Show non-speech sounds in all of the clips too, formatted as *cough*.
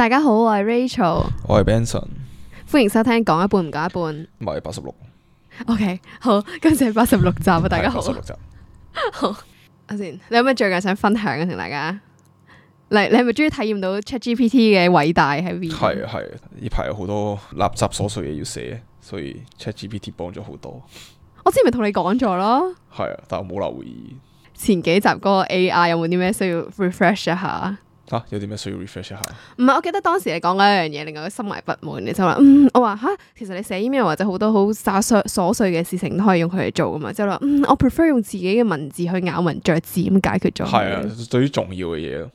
大家好，我係 Rachel，我係 Benson，歡迎收聽講一半唔講一半，唔係八十六，OK，好，今次係八十六集啊，大家好，八十六集，好，阿 s 你有咩最近想分享啊？同大家，嚟，你係咪終於體驗到 ChatGPT 嘅偉大喺邊？係啊係啊，呢排有好多垃圾瑣碎嘢要寫，所以 ChatGPT 幫咗好多。我之前咪同你講咗咯，係啊，但係我冇留意。前幾集嗰個 AI 有冇啲咩需要 refresh 一下？吓有啲咩需要 refresh 一下？唔係，我記得當時你講一樣嘢，令我心懷不滿。你就話、是，嗯，我話吓，其實你寫 email 或者好多好瑣碎嘅事情都可以用佢嚟做噶嘛。就話，嗯，我 prefer 用自己嘅文字去咬文嚼字咁解決咗。係啊，對於重要嘅嘢咯。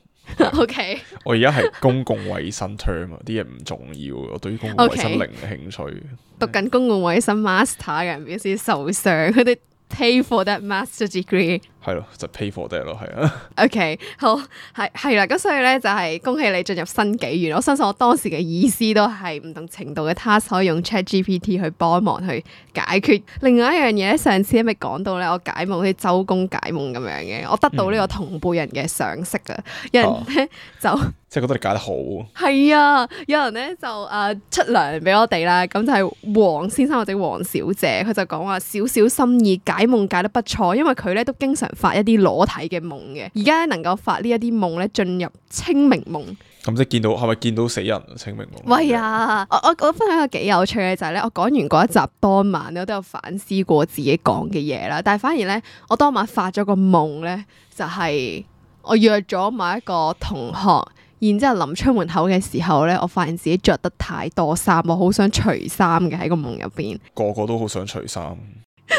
OK， *laughs* 我而家係公共衛生 term 啊，啲嘢唔重要。我對於公共衛生零興趣。 *laughs* okay, 讀緊公共衛生 master 嘅人表示受傷，佢哋 *laughs* pay for that master degree。係咯，就 pay for die 咯，係啊。OK，好，係係啦，咁所以咧就係恭喜你進入新紀元。我相信我當時嘅意思都係唔同程度嘅，task 可以用 ChatGPT 去幫忙去解決。另外一樣嘢，上次因咪講到咧，我解夢好似周公解夢咁樣嘅，我得到呢個同輩人嘅賞識啊！嗯、有人咧就即係覺得你解得好，係啊！ *laughs* 有人咧就誒、呃、出糧俾我哋啦，咁就係黃先生或者黃小姐，佢就講話少少心意解夢解得不錯，因為佢咧都經常。發一啲裸體嘅夢嘅，而家咧能夠發夢，呢一啲夢咧進入清明夢，咁即係見到係咪見到死人啊？清明夢，喂啊呀，嗯、我我分享個幾有趣嘅就係、是、咧，我講完嗰一集當晚，我都有反思過自己講嘅嘢啦，但係反而咧我當晚發咗個夢咧，就係、是、我約咗某一個同學，然之後臨出門口嘅時候咧，我發現自己着得太多衫，我好想除衫嘅，喺個夢入邊，個個都好想除衫。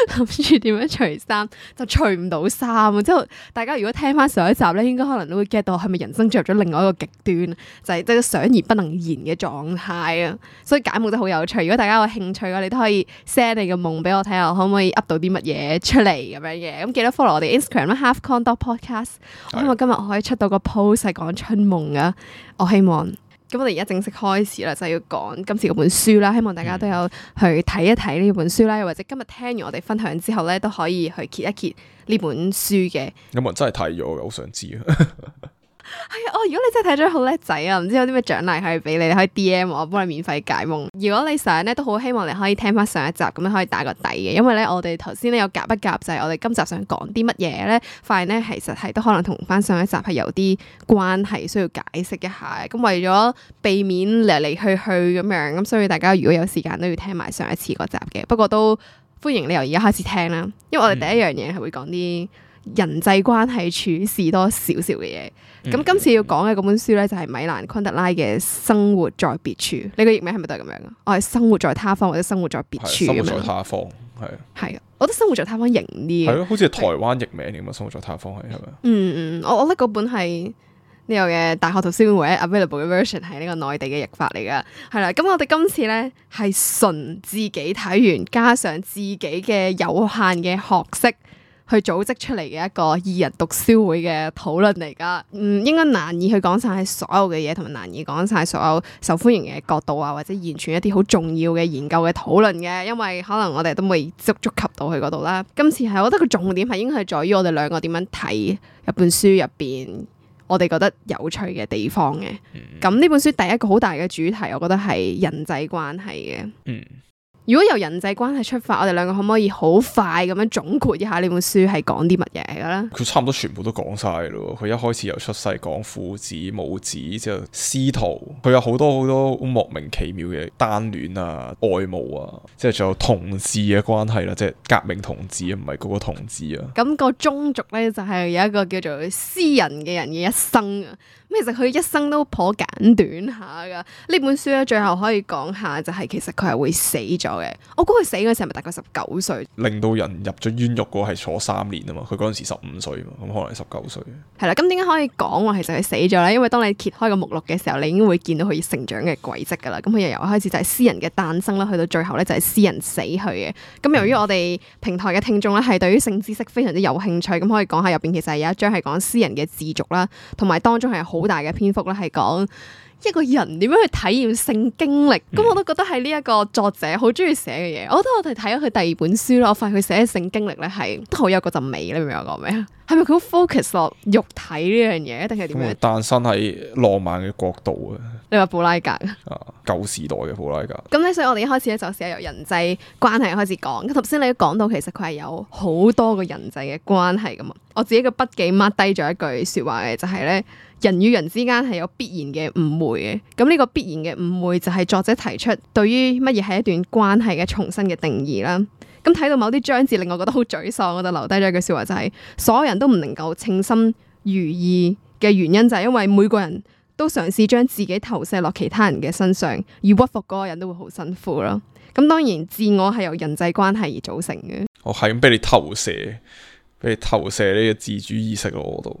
諗住點樣除衫，就除唔到衫，之後大家如果聽翻上一集咧，應該可能都會 get 到係咪人生着咗另外一個極端，就即、是、係想而不能言嘅狀態啊！所以解夢真好有趣。如果大家有興趣嘅，你都可以 send 你嘅夢俾我睇下，看看我可唔可以 up 到啲乜嘢出嚟咁樣嘅？咁記得 follow 我哋 Instagram 啦 halfcondo podcast，是希望今日我可以出到個 post 係講春夢啊！我希望。咁我哋而家正式開始啦，就要講今次嗰本書啦。希望大家都有去睇一睇呢本書啦，又或者今日聽完我哋分享之後咧，都可以去揭一揭呢本書嘅。有冇人真係睇咗？我好想知啊！ *laughs* 係啊、哎，哦！如果你真係睇咗好叻仔啊，唔知有啲咩獎勵係俾你，你可以 DM 我，我幫你免費解夢。如果你想咧，都好希望你可以聽翻上一集，咁樣可以打個底嘅，因為咧我哋頭先咧有夾一夾，就係、是、我哋今集想講啲乜嘢咧，發現咧其實係都可能同翻上一集係有啲關係需要解釋一下。咁為咗避免嚟嚟去去咁樣，咁所以大家如果有時間都要聽埋上一次嗰集嘅。不過都歡迎你由而家開始聽啦，因為我哋第一樣嘢係會講啲。嗯人際關係處事多少少嘅嘢，咁、嗯、今次要講嘅嗰本書咧就係米蘭昆德拉嘅《生活在別處》，嗯、你個譯名係咪都係咁樣啊？我係生活在他方或者生活在別處。生活在他方，係啊，係啊，我覺得生活在他方型啲。係咯，好似台灣譯名咁啊，的生活在他方係咪？嗯嗯，我我覺得嗰本係呢個嘅大學圖書館唯一 available 嘅 version 係呢個內地嘅譯法嚟噶。係啦，咁我哋今次咧係純自己睇完，加上自己嘅有限嘅學識。去組織出嚟嘅一個二人讀書會嘅討論嚟㗎，嗯，應該難以去講晒所有嘅嘢，同埋難以講晒所有受歡迎嘅角度啊，或者延續一啲好重要嘅研究嘅討論嘅，因為可能我哋都未足足及到佢嗰度啦。今次係，我覺得個重點係應該係在於我哋兩個點樣睇一本書入邊，我哋覺得有趣嘅地方嘅。咁呢、嗯、本書第一個好大嘅主題，我覺得係人際關係嘅。嗯。如果由人際關係出發，我哋兩個可唔可以好快咁樣總括一下呢本書係講啲乜嘢嘅咧？佢差唔多全部都講晒咯。佢一開始由出世講父子母子，之後師徒，佢有好多好多莫名其妙嘅單戀啊、愛慕啊，即係仲有同志嘅關係啦，即係革命同志啊，唔係嗰個同志啊。咁個宗族咧就係、是、有一個叫做詩人嘅人嘅一生啊。咩？其實佢一生都頗簡短下噶。呢本書咧，最後可以講下就係，其實佢係會死咗嘅。我估佢死嘅時候咪大概十九歲？令到人入咗冤獄嗰係坐三年啊嘛。佢嗰陣時十五歲嘛，咁可能係十九歲。係啦，咁點解可以講話其實佢死咗咧？因為當你揭開個目錄嘅時候，你應該會見到佢成長嘅軌跡噶啦。咁佢由由開始就係詩人嘅誕生啦，去到最後咧就係詩人死去嘅。咁由於我哋平台嘅聽眾咧係對於性知識非常之有興趣，咁可以講下入邊其實係有一章係講詩人嘅自瀆啦，同埋當中係好。好大嘅篇幅咧，係講一個人點樣去體驗性經歷，咁、嗯、我都覺得係呢一個作者好中意寫嘅嘢。我覺得我哋睇咗佢第二本書啦，我發現佢寫嘅性經歷咧係都好有嗰陣味。你明唔明我講咩啊？係咪佢好 focus 落肉體呢樣嘢，定係點樣？誕生喺浪漫嘅國度啊！你話布拉格啊，舊時代嘅布拉格。咁咧、啊，所以我哋一開始咧就試下由人際關係開始講。咁頭先你都講到，其實佢係有好多個人際嘅關係噶嘛。我自己嘅筆記 mark 低咗一句說話嘅、就是，就係咧。人與人之間係有必然嘅誤會嘅，咁呢個必然嘅誤會就係作者提出對於乜嘢係一段關係嘅重新嘅定義啦。咁睇到某啲章字，令我覺得好沮喪，我就留低咗一句說話，就是，就係所有人都唔能夠稱心如意嘅原因就係因為每個人都嘗試將自己投射落其他人嘅身上，而屈服嗰個人都會好辛苦咯。咁當然，自我係由人際關係而組成嘅。我係咁俾你投射，俾你投射呢個自主意識咯，我度。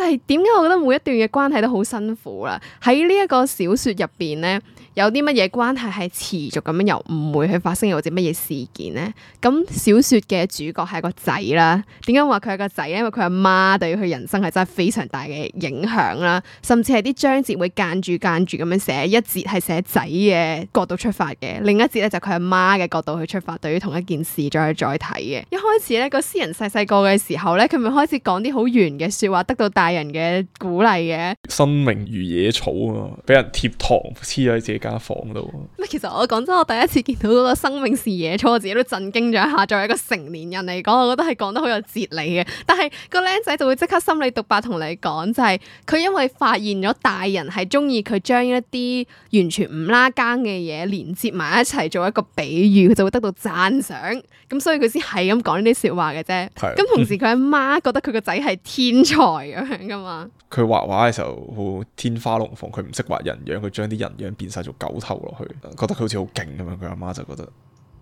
但係點解？我覺得每一段嘅關係都好辛苦啦。喺呢一個小説入邊咧。有啲乜嘢關係係持續咁樣又唔會去發生，或者乜嘢事件呢？咁小説嘅主角係個仔啦。點解話佢係個仔？因為佢阿媽對於佢人生係真係非常大嘅影響啦。甚至係啲章節會間住間住咁樣寫一節係寫仔嘅角度出發嘅，另一節咧就佢阿媽嘅角度去出發，對於同一件事再去再睇嘅。一開始咧個詩人細細個嘅時候咧，佢咪開始講啲好圓嘅説話，得到大人嘅鼓勵嘅。生命如野草啊，俾人貼糖黐咗喺自己家房度。其實我講真，我第一次見到個「生命是野草」，我自己都震驚咗一下。作為一個成年人嚟講，我覺得係講得好有哲理嘅。但係個僆仔就會即刻心理獨白同你講，就係、是、佢因為發現咗大人係中意佢將一啲完全唔拉更嘅嘢連接埋一齊做一個比喻，佢就會得到讚賞。咁所以佢先係咁講呢啲説話嘅啫。咁的同時佢阿媽，媽覺得佢個仔係天才咁樣噶嘛。佢、嗯、畫畫嘅時候天花龍鳳，佢唔識畫人樣，佢將啲人樣變晒。狗頭落去，覺得佢好似好勁咁樣，佢阿媽就覺得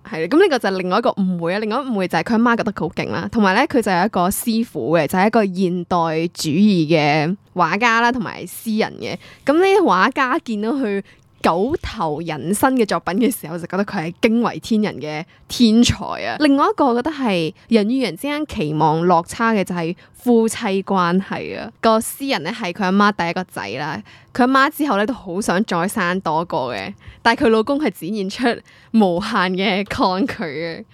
係，咁呢個就係另外一個誤會啊。另外一個誤會就係佢阿媽覺得佢好勁啦，同埋咧佢就有一個師傅嘅，就係、是、一個現代主義嘅畫家啦，同埋詩人嘅。咁呢啲畫家見到佢九頭人身嘅作品嘅時候，就覺得佢係驚為天人嘅天才啊！另外一個我覺得係人與人之間期望落差嘅就係夫妻關係啊！嗰個詩人咧係佢阿媽第一個仔啦，佢阿媽之後咧都好想再生多個嘅，但係佢老公係展現出無限嘅抗拒嘅。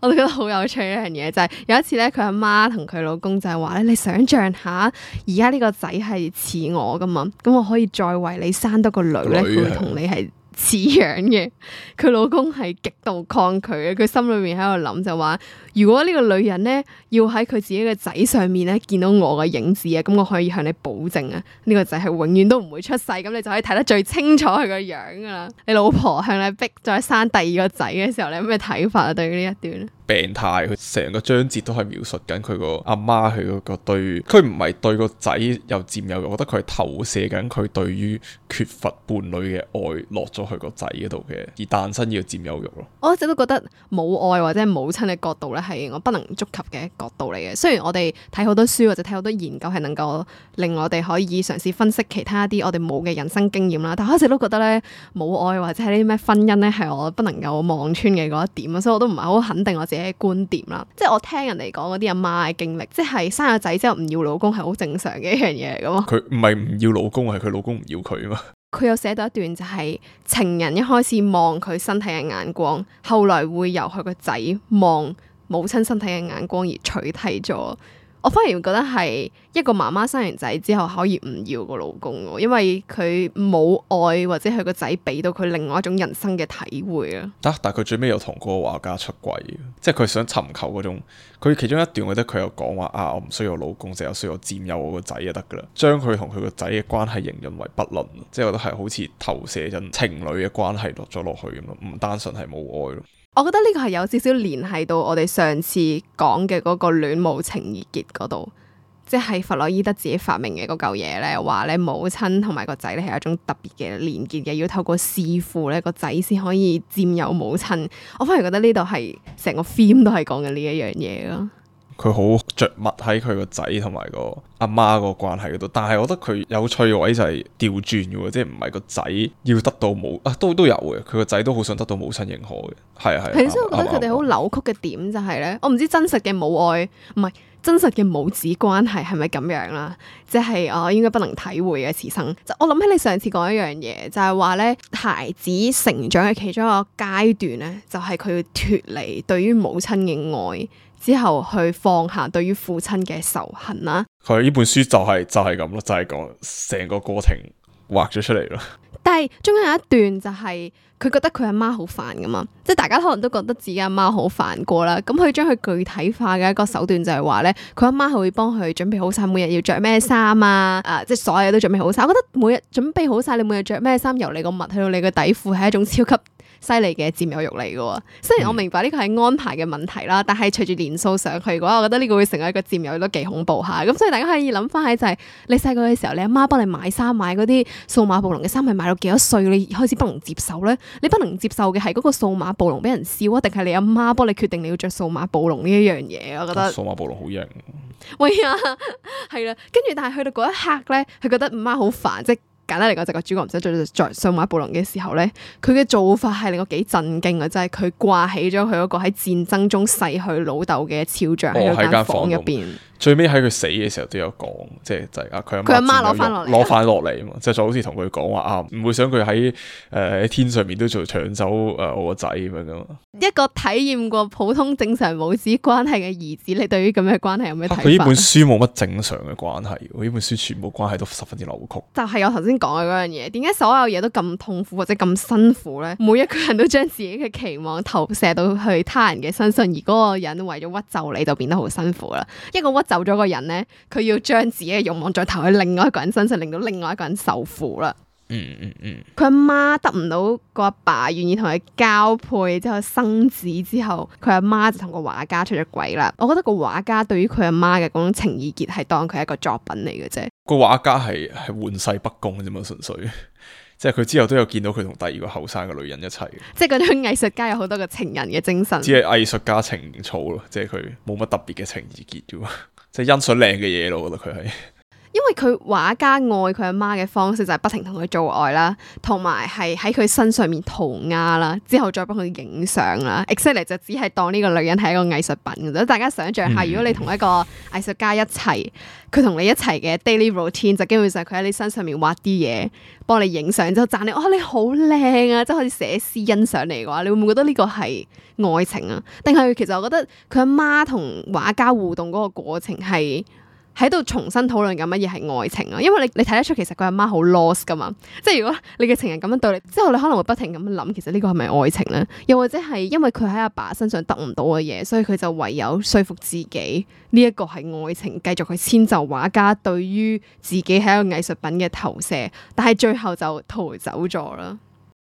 我都覺得好有趣一樣嘢，就係、是、有一次咧，佢阿媽同佢老公就係話咧：你想像下，而家呢個仔係似我㗎嘛？咁我可以再為你生多個女咧，佢會同你係似樣嘅，佢老公係極度抗拒嘅。佢心裏面喺度諗就話：如果呢個女人咧要喺佢自己嘅仔上面咧見到我嘅影子啊，咁我可以向你保證啊，呢個仔係永遠都唔會出世。咁你就可以睇得最清楚佢個樣噶啦。你老婆向你逼再生第二個仔嘅時候，你有咩睇法啊？對呢一段？病態，佢成個章節都係描述緊佢個阿媽，佢嗰個對佢唔係對個仔有佔有慾。我覺得佢投射緊佢對於缺乏伴侶嘅愛落咗去個仔嗰度嘅，而誕生呢個佔有慾咯。我一直都覺得母愛或者母親嘅角度咧，係我不能觸及嘅角度嚟嘅。雖然我哋睇好多書或者睇好多研究係能夠令我哋可以嘗試分析其他啲我哋冇嘅人生經驗啦，但我一直都覺得咧母愛或者係啲咩婚姻咧係我不能夠望穿嘅嗰一點啊，所以我都唔係好肯定我。嘅觀點啦，即係我聽人哋講嗰啲阿媽嘅經歷，即係生咗仔之後唔要老公係好正常嘅一樣嘢嚟噶嘛。佢唔係唔要老公，係佢老公唔要佢嘛。佢又寫到一段就係、是、情人一開始望佢身體嘅眼光，後來會由佢個仔望母親身體嘅眼光而取替咗。我反而覺得係一個媽媽生完仔之後可以唔要個老公喎，因為佢冇愛或者佢個仔俾到佢另外一種人生嘅體會啊。得，但係佢最尾又同嗰個畫家出軌，即係佢想尋求嗰種。佢其中一段，我覺得佢有講話啊，我唔需要老公，只有需要佔有我個仔就得噶啦，將佢同佢個仔嘅關係形容為不倫，即係我覺得係好似投射緊情侶嘅關係落咗落去咁樣，唔單純係冇愛咯。我覺得呢個係有少少聯繫到我哋上次講嘅嗰個戀母情結嗰度，即係弗洛伊德自己發明嘅嗰嚿嘢咧，話咧母親同埋個仔咧係一種特別嘅連結嘅，要透過弑父咧個仔先可以佔有母親。我反而覺得呢度係成個 film 都係講緊呢一樣嘢咯。佢好着墨喺佢個仔同埋個阿媽個關係嗰度，但係我覺得佢有趣位就係調轉嘅喎，即係唔係個仔要得到母啊，都都有嘅，佢個仔都好想得到母親認可嘅，係啊係啊。係、啊，所以我覺得佢哋好扭曲嘅點就係、是、咧，吧我唔知真實嘅母愛唔係真實嘅母子關係係咪咁樣啦，即係我應該不能體會嘅。此生，就我諗起你上次講一樣嘢，就係話咧，孩子成長嘅其中一個階段咧，就係、是、佢要脫離對於母親嘅愛。之後去放下對於父親嘅仇恨啦。佢呢本書就係就係咁咯，就係講成個過程畫咗出嚟咯。但係中間有一段就係、是、佢覺得佢阿媽好煩噶嘛，即係大家可能都覺得自己阿媽好煩過啦。咁佢將佢具體化嘅一個手段就係話呢：「佢阿媽係會幫佢準備好晒每日要着咩衫啊，啊、呃，即係所有都準備好晒」。我覺得每日準備好晒你每日着咩衫，由你個襪去到你嘅底褲，係一種超級。犀利嘅佔有欲嚟嘅，雖然我明白呢個係安排嘅問題啦，但係隨住年數上去嘅話，我覺得呢個會成為一個佔有都幾恐怖吓。咁所以大家可以諗翻喺就係、是、你細個嘅時候，你阿媽幫你買衫買嗰啲數碼暴龍嘅衫，係買到幾多歲你開始不能接受咧？你不能接受嘅係嗰個數碼暴龍俾人笑啊，定係你阿媽幫你決定你要着數碼暴龍呢一樣嘢？我覺得數碼暴龍好型，喂啊，係啦，跟住喂呀 *laughs* 但係去到嗰一刻咧，佢覺得媽好煩即。簡單嚟講就個主角唔使再着上馬布隆嘅時候咧，佢嘅做法係令我幾震驚啊！即係佢掛起咗佢嗰個喺戰爭中逝去老豆嘅肖像喺間、哦、房入邊。最尾喺佢死嘅時候都有講，即係就係啊佢阿佢阿媽攞翻落嚟，攞翻落嚟啊嘛， *laughs* 即係就好似同佢講話啊，唔會想佢喺誒天上面都做搶走誒我個仔咁樣。呃呃呃呃、一個體驗過普通正常母子關係嘅兒子，你對於咁嘅關係有咩睇法？佢呢、啊、本書冇乜正常嘅關係，佢呢本書全部關係都十分之扭曲。就係我頭先講嘅嗰樣嘢，點解所有嘢都咁痛苦或者咁辛苦咧？每一個人都將自己嘅期望投射到去他人嘅身上，而嗰個人為咗屈就你就變得好辛苦啦。一個屈。走咗個人呢，佢要將自己嘅欲望再投喺另外一個人身上，令到另外一個人受苦啦。嗯嗯嗯。佢阿媽得唔到個阿爸願意同佢交配，之後生子之後，佢阿媽就同個畫家出咗軌啦。我覺得個畫家對於佢阿媽嘅嗰種情意結係當佢係一個作品嚟嘅啫。個畫家係係玩世不恭啫嘛，純粹 *laughs* 即係佢之後都有見到佢同第二個後生嘅女人一齊。即係嗰種藝術家有好多個情人嘅精神，只係藝術家情操咯，即係佢冇乜特別嘅情意結啫。 *laughs* 即係欣賞靚嘅嘢咯，我覺得佢係。因為佢畫家愛佢阿媽嘅方式就係不停同佢做愛啦，同埋係喺佢身上面塗鴉啦，之後再幫佢影相啦。 *music* Exactly 就只係當呢個女人係一個藝術品嘅啫。大家想象下，如果你同一個藝術家一齊，佢同你一齊嘅 daily routine 就基本上佢喺你身上面畫啲嘢，幫你影相之後讚你，哦，你好靚啊！即係好似寫詩欣賞你嘅話，你會唔會覺得呢個係愛情啊？定係其實我覺得佢阿媽同畫家互動嗰個過程係。喺度重新討論緊乜嘢係愛情啊？因為你你睇得出其實佢阿媽好 lost 噶嘛，即係如果你嘅情人咁樣對你之後，你可能會不停咁樣諗，其實呢個係咪愛情呢？又或者係因為佢喺阿爸身上得唔到嘅嘢，所以佢就唯有說服自己呢一個係愛情，繼續去遷就畫家對於自己喺一個藝術品嘅投射，但係最後就逃走咗啦。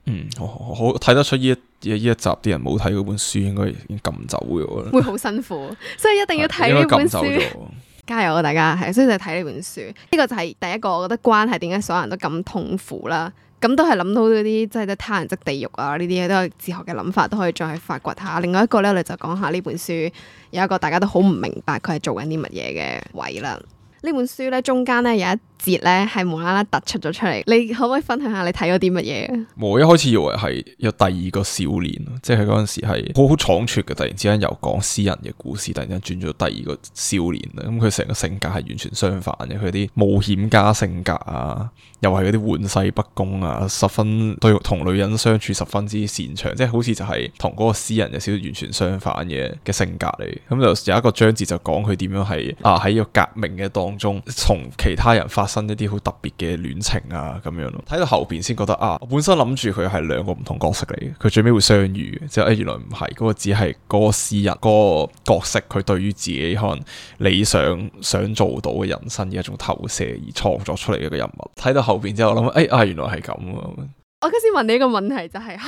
嗯，好好，睇得出呢一,一集啲人冇睇嗰本書，應該已經撳走咗啦。我覺得會好辛苦，所以一定要睇呢本書。應該撳走咗。 *laughs* 加油啊！大家係，所以就睇呢本書。呢、這個就係第一個，我覺得關係點解所有人都咁痛苦啦。咁都係諗到嗰啲，即係得他人即地獄啊，呢啲嘢都係哲學嘅諗法，都可以再去發掘下。另外一個咧，我哋就講下呢本書有一個大家都好唔明白佢係做緊啲乜嘢嘅位啦。呢本書咧中間咧有一節咧係無啦啦突出咗出嚟，你可唔可以分享下你睇過啲乜嘢？我、嗯、一開始以為係有第二個少年，即係嗰陣時係好好倉促嘅。突然之間又講詩人嘅故事，突然間轉咗第二個少年啦。咁佢成個性格係完全相反嘅，佢啲冒險家性格啊，又係嗰啲玩世不恭啊，十分對同女人相處十分之擅長，即係好似就係同嗰個詩人有少少完全相反嘅嘅性格嚟。咁、嗯、就有一個章節就講佢點樣係啊喺個革命嘅當中，從其他人發。生一啲好特別嘅戀情啊，咁樣咯，睇到後邊先覺得啊，我本身諗住佢係兩個唔同角色嚟嘅，佢最尾會相遇嘅，之後誒原來唔係，嗰個只係嗰個詩人嗰個角色，佢對於自己可能理想想做到嘅人生嘅一種投射而創作出嚟嘅一個人物，睇到後邊之後諗，誒啊原來係咁啊。我啱先問你一個問題就係、是、吓，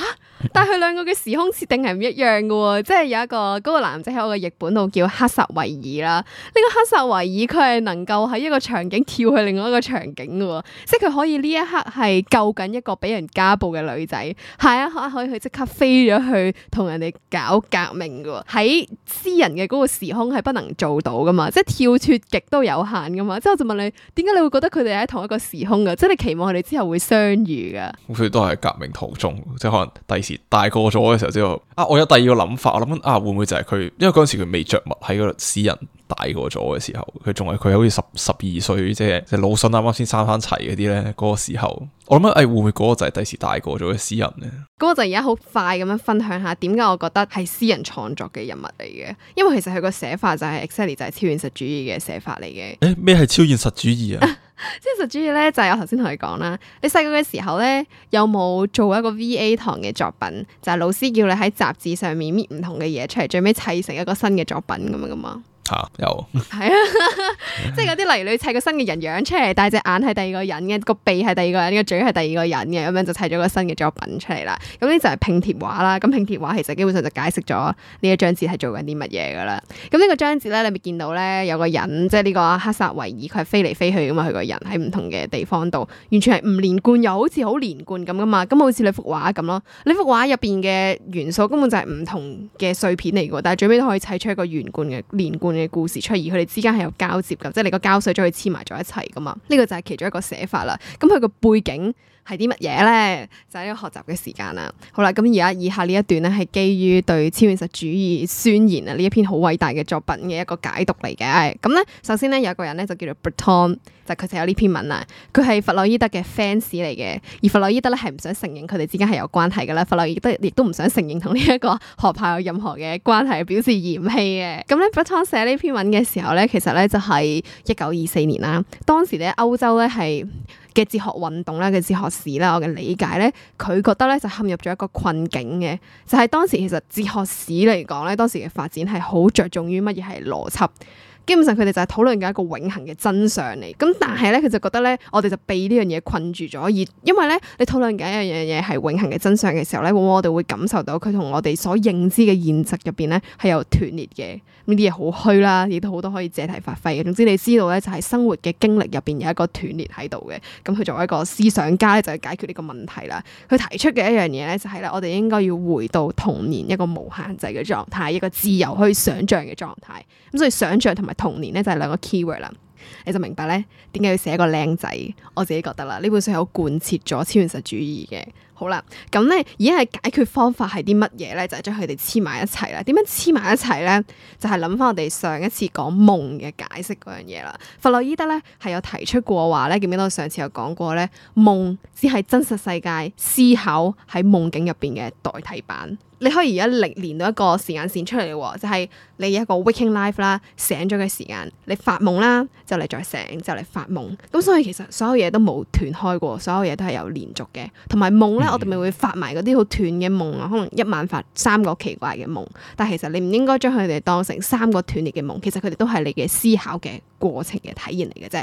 但係佢兩個嘅時空設定係唔一樣嘅、哦，即係有一個嗰、那個男仔喺我嘅譯本度叫克薩維爾啦。呢、這個克薩維爾佢係能夠喺一個場景跳去另外一個場景嘅、哦，即係佢可以呢一刻係救緊一個俾人家暴嘅女仔，下一刻可以去即刻飛咗去同人哋搞革命嘅喎。喺私人嘅嗰個時空係不能做到噶嘛，即係跳脫極都有限噶嘛。之後就問你，點解你會覺得佢哋喺同一個時空嘅？即係你期望佢哋之後會相遇噶？ *music* 都係革命途中，即係可能第時大個咗嘅時候之後，啊，我有第二個諗法，我諗緊啊，會唔會就係佢，因為嗰陣時佢未著墨喺嗰個詩人大個咗嘅時候，佢仲係佢好似十十二歲，即係即係魯迅啱啱先生翻齊嗰啲咧，嗰、那個時候，我諗緊誒，會唔會嗰個就係第時大個咗嘅詩人呢？咁我就而家好快咁樣分享下，點解我覺得係詩人創作嘅人物嚟嘅？因為其實佢個寫法就係、是、exactly 就係超現實主義嘅寫法嚟嘅。誒，咩係超現實主義啊？ *laughs* 即係最主要咧，就係我頭先同你講啦。你細個嘅時候咧，有冇做一個 V.A. 堂嘅作品？就係、是、老師叫你喺雜誌上面搣唔同嘅嘢出嚟，最尾砌成一個新嘅作品咁樣噶嘛？啊、有，係啊，即係嗰啲，例如你砌個新嘅人樣出嚟，但係隻眼係第二個人嘅，個鼻係第二個人，呢個嘴係第二個人嘅，咁樣就砌咗個新嘅作品出嚟啦。咁呢就係拼貼畫啦。咁拼貼畫其實基本上就解釋咗呢一張紙係做緊啲乜嘢噶啦。咁呢個張紙咧，你咪見到咧有個人，即係呢個黑哈薩維爾，佢係飛嚟飛去噶嘛，佢個人喺唔同嘅地方度，完全係唔連貫，又好似好連貫咁噶嘛。咁好似你幅畫咁咯，你幅畫入邊嘅元素根本就係唔同嘅碎片嚟噶，但係最尾都可以砌出一個連貫嘅、連貫嘅嘅故事出現，而佢哋之間係有交接噶，即係你個膠水將佢黐埋咗一齊噶嘛。呢、這個就係其中一個寫法啦。咁佢個背景係啲乜嘢咧？就係、是、呢個學習嘅時間啦。好啦，咁而家以下呢一段咧，係基於對《超現實主義宣言》啊呢一篇好偉大嘅作品嘅一個解讀嚟嘅。咁、嗯、咧，首先咧有一個人咧就叫做 Breton。就佢就有呢篇文啦，佢係弗洛伊德嘅 fans 嚟嘅，而弗洛伊德咧係唔想承認佢哋之間係有關係嘅啦。弗洛伊德亦都唔想承認同呢一個學派有任何嘅關係，表示嫌棄嘅。咁咧，布通寫呢篇文嘅時候咧，其實咧就係一九二四年啦。當時咧歐洲咧係嘅哲學運動啦，嘅哲學史啦，我嘅理解咧，佢覺得咧就陷入咗一個困境嘅，就係、是、當時其實哲學史嚟講咧，當時嘅發展係好着重於乜嘢係邏輯。基本上佢哋就係討論緊一個永恆嘅真相，嚟。咁但係咧佢就覺得咧，我哋就被呢樣嘢困住咗，而因為咧你討論緊一樣嘢係永恆嘅真相嘅時候咧，往往我哋會感受到佢同我哋所認知嘅現實入邊咧係有斷裂嘅，呢啲嘢好虛啦，亦都好多可以借題發揮嘅。總之你知道咧就係生活嘅經歷入邊有一個斷裂喺度嘅，咁佢作為一個思想家咧就係解決呢個問題啦。佢提出嘅一樣嘢咧就係咧，我哋應該要回到童年一個無限制嘅狀態，一個自由可以想象嘅狀態。咁所以想象同埋。童年咧就係兩個 keyword 啦，你就明白咧點解要寫個靚仔。我自己覺得啦，呢本書係好貫徹咗超現實主義嘅。好啦，咁咧，而家嘅解決方法係啲乜嘢咧？就係將佢哋黐埋一齊啦。點樣黐埋一齊咧？就係諗翻我哋上一次講夢嘅解釋嗰樣嘢啦。弗洛伊德咧係有提出過話咧，記唔記得我上次有講過咧？夢只係真實世界思考喺夢境入邊嘅代替版。你可以而家連連到一個時間線出嚟喎，就係你一個 waking life 啦，醒咗嘅時間，你發夢啦，就嚟再醒，就嚟發夢。咁所以其實所有嘢都冇斷開過，所有嘢都係有連續嘅，同埋夢啦。嗯 *noise* 我哋咪會發埋嗰啲好斷嘅夢啊，可能一晚發三個奇怪嘅夢，但係其實你唔應該將佢哋當成三個斷裂嘅夢，其實佢哋都係你嘅思考嘅過程嘅體現嚟嘅啫。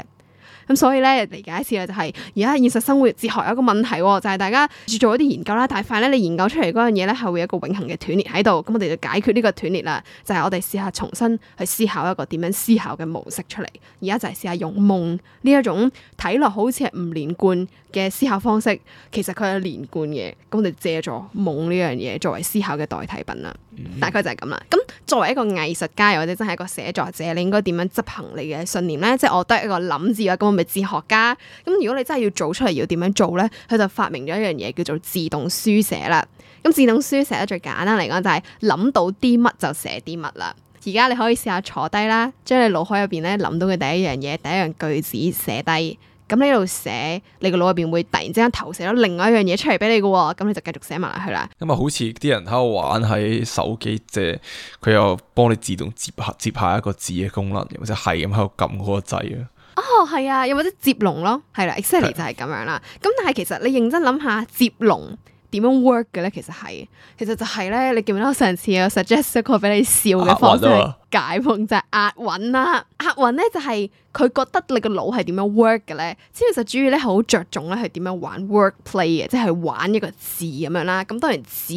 咁所以咧嚟解釋咧就係而家現實生活哲學有一個問題，就係、是，大家做咗啲研究啦，但係咧你研究出嚟嗰樣嘢咧係會有一個永恆嘅斷裂喺度，咁我哋就解決呢個斷裂啦，就係、是，我哋試下重新去思考一個點樣思考嘅模式出嚟，而家就係試下用夢呢一種睇落好似係唔連貫。嘅思考方式，其實佢係連貫嘅，咁我哋借助夢呢樣嘢作為思考嘅代替品啦。Mm hmm. 大概就係咁啦。咁作為一個藝術家，又或者真係一個寫作者，你應該點樣執行你嘅信念咧？即係我得一個諗字嘅，咁我咪哲學家。咁如果你真係要做出嚟，要點樣做咧？佢就發明咗一樣嘢叫做自動書寫啦。咁自動書寫咧，最簡單嚟講就係、是、諗到啲乜就寫啲乜啦。而家你可以試，試坐下坐低啦，將你腦海入邊咧諗到嘅第一樣嘢，第一樣句子寫低。咁呢度寫，你個腦入邊會突然之間投射咗另外一樣嘢出嚟俾你嘅喎，咁你就繼續寫埋落去啦。咁啊、嗯，好似啲人喺度玩喺手機，即係佢又幫你自動接下接下一個字嘅功能，又或者係咁喺度撳嗰個掣啊。哦，係啊，又或者接龍咯，係啦，Exactly 就係咁樣啦。咁但係其實你認真諗下，接龍。點樣 work 嘅咧？其實係，其實就係咧，你記唔記得我上次有 suggest 一個俾你笑嘅方式解夢？就係、是、壓韻啦。壓韻咧就係、是、佢覺得你個腦係點樣 work 嘅咧？即其實就主要咧好着重咧，係點樣玩 work play 嘅，即係玩一個字咁樣啦。咁當然字。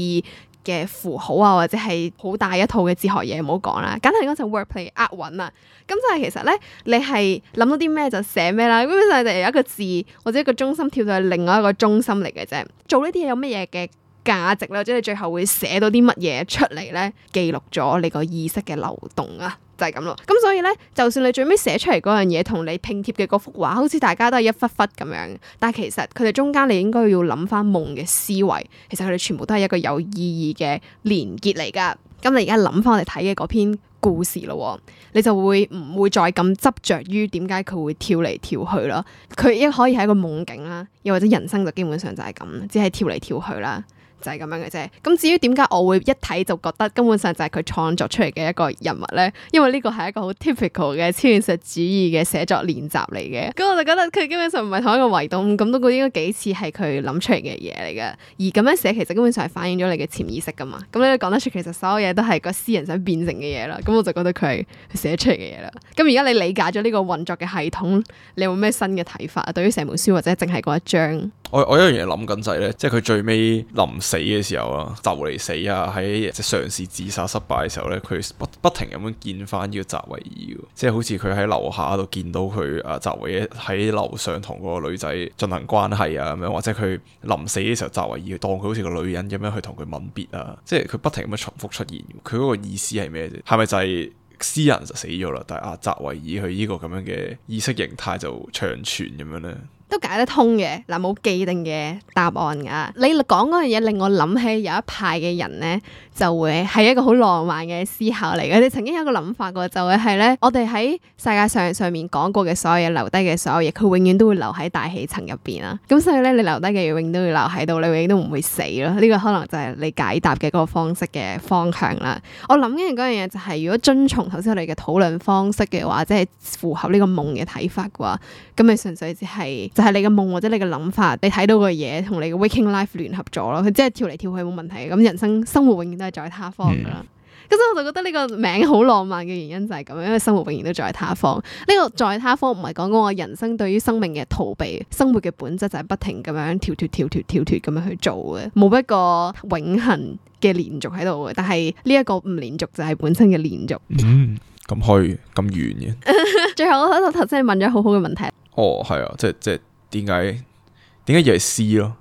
嘅符號啊，或者係好大一套嘅哲學嘢，唔好講啦，梗係嗰陣 wordplay 厄穩啦。咁就係其實咧，你係諗到啲咩就寫咩啦。根本上就係一個字或者一個中心跳到去另外一個中心嚟嘅啫。做呢啲嘢有乜嘢嘅價值啦，即係你最後會寫到啲乜嘢出嚟咧？記錄咗你個意識嘅流動啊，就係咁咯。咁所以咧，就算你最尾寫出嚟嗰樣嘢同你拼貼嘅嗰幅畫，好似大家都係一忽忽咁樣，但係其實佢哋中間你應該要諗翻夢嘅思維。其實佢哋全部都係一個有意義嘅連結嚟㗎。咁你而家諗翻我哋睇嘅嗰篇故事咯，你就會唔會再咁執著於點解佢會跳嚟跳去啦？佢一可以係一個夢境啦，又或者人生就基本上就係咁，只係跳嚟跳去啦。就係咁樣嘅啫。咁至於點解我會一睇就覺得根本上就係佢創作出嚟嘅一個人物咧？因為呢個係一個好 typical 嘅超現實主義嘅寫作練習嚟嘅。咁我就覺得佢基本上唔係同一個維度，咁都應該幾似係佢諗出嚟嘅嘢嚟嘅。而咁樣寫其實根本上係反映咗你嘅潛意識噶嘛。咁你講得出其實所有嘢都係個詩人想變成嘅嘢啦。咁我就覺得佢係寫出嚟嘅嘢啦。咁而家你理解咗呢個運作嘅系統，你有冇咩新嘅睇法啊？對於成本書或者淨係嗰一章？我我有一樣嘢諗緊就係咧，即係佢最尾臨死嘅時候啊，扎維死啊，喺即嘗試自殺失敗嘅時候呢，佢不不停咁樣見翻呢個扎維爾，即係好似佢喺樓下度見到佢啊，扎維爾喺樓上同個女仔進行關係啊咁樣，或者佢臨死嘅時候，扎維爾當佢好似個女人咁樣去同佢吻別啊，即係佢不停咁樣重複出現。佢嗰個意思係咩啫？係咪就係私人就死咗啦？但係阿扎維爾佢呢個咁樣嘅意識形態就長存咁樣呢。都解得通嘅，嗱，冇既定嘅答案噶。你講嗰樣嘢令我諗起有一派嘅人咧。就會係一個好浪漫嘅思考嚟嘅。你曾經有個諗法過，就係咧，我哋喺世界上上面講過嘅所有嘢，留低嘅所有嘢，佢永遠都會留喺大氣層入邊啊。咁所以咧，你留低嘅嘢，永遠都會留喺度，你永遠都唔會死咯。呢個可能就係你解答嘅嗰個方式嘅方向啦。我諗嘅嗰樣嘢就係，如果遵從頭先我哋嘅討論方式嘅話，即係符合呢個夢嘅睇法嘅話，咁你純粹只係就係你嘅夢或者你嘅諗法，你睇到嘅嘢同你嘅 waking life 聯合咗咯。佢即係跳嚟跳去冇問題，咁人生生活永遠都係。在他方噶啦，咁所以我就覺得呢個名好浪漫嘅原因就係咁，因為生活永遠都在他方。呢、呢個在他方唔係講講我人生對於生命嘅逃避，生活嘅本質就係不停咁樣跳脫、跳脫、跳脫咁樣去做嘅，冇一個永恆嘅連續喺度嘅。但係呢一個唔連續就係本身嘅連續。嗯，咁虛咁遠嘅。 *laughs* 最後我頭先問咗好好嘅問題。哦，係啊，即係即係點解點解要係詩咯？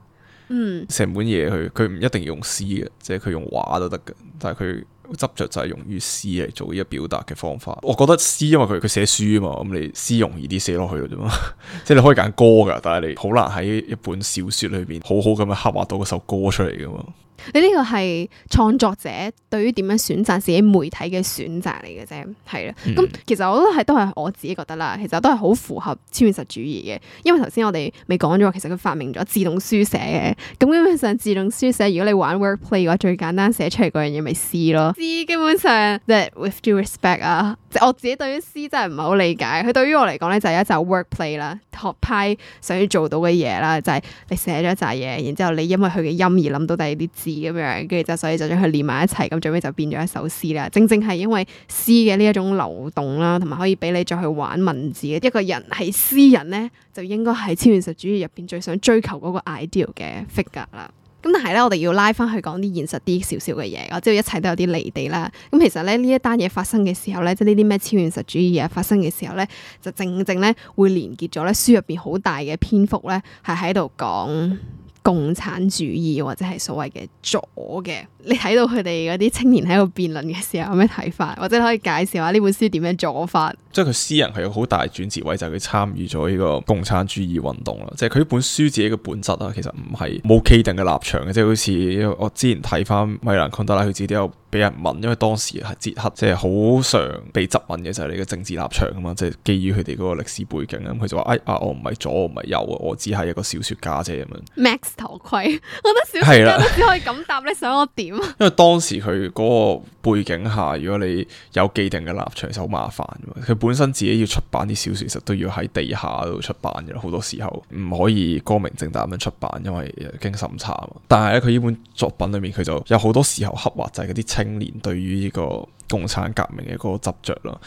嗯、成本嘢，去，佢唔一定要用詩嘅，即係佢用畫都得嘅。但係佢執着就係用於詩嚟做呢個表達嘅方法。我覺得詩，因為佢佢寫書啊嘛，咁你詩容易啲寫落去嘅啫嘛。 *laughs* 即係你可以揀歌噶但係你好難喺一本小說裏邊好好咁樣刻畫到嗰首歌出嚟噶嘛。你呢個係創作者對於點樣選擇自己媒體嘅選擇嚟嘅啫，係啦。咁、嗯、其實我都係都係我自己覺得啦。其實都係好符合超現實主義嘅，因為頭先我哋未講咗，其實佢發明咗自動書寫嘅。咁基本上自動書寫，如果你玩 wordplay 嘅話，最簡單寫出嚟嗰樣嘢咪詩咯。詩基本上即係 with due respect 啊。我自己對於詩真係唔係好理解，佢對於我嚟講咧就係一集 workplay 啦，學派想要做到嘅嘢啦，就係你寫咗一集嘢，然之後你因為佢嘅音而諗到第二啲字咁樣，跟住就所以就將佢連埋一齊，咁最尾就變咗一首詩啦。正正係因為詩嘅呢一種流動啦，同埋可以俾你再去玩文字，一個人係詩人咧，就應該係超現實主義入邊最想追求嗰個 ideal 嘅 figure 啦。咁但係咧，我哋要拉翻去講啲現實啲少少嘅嘢，我知道一切都有啲離地啦。咁其實咧，呢一單嘢發生嘅時候咧，即係呢啲咩超現實主義啊發生嘅時候咧，就正正咧會連結咗咧書入邊好大嘅篇幅咧係喺度講共產主義或者係所謂嘅左嘅。你睇到佢哋嗰啲青年喺度辯論嘅時候有咩睇法，或者可以介紹下呢本書點樣做法？即係佢私人係有好大轉折位，就係佢參與咗呢個共產主義運動啦。即係佢本書自己嘅本質啊，其實唔係冇固定嘅立場嘅，即係好似我之前睇翻米蘭昆德拉，佢自己都有俾人問，因為當時係捷克，即係好常被質問嘅就係你嘅政治立場啊嘛。即係基於佢哋嗰個歷史背景，咁佢就話：哎啊，我唔係左唔係右啊，我只係一個小說家啫咁樣。Max 頭盔， *laughs* 我覺得小說家都只可以咁答，對了 *laughs* 你想我點？因為當時佢嗰個背景下，如果你有既定嘅立場就好麻煩。佢本身自己要出版啲小說，其實都要喺地下度出版嘅，好多時候唔可以光明正大咁樣出版，因為經審查啊嘛。但係咧，佢呢本作品裏面，佢就有好多時候刻畫就係嗰啲青年對於呢個。共產革命嘅嗰個執著咯，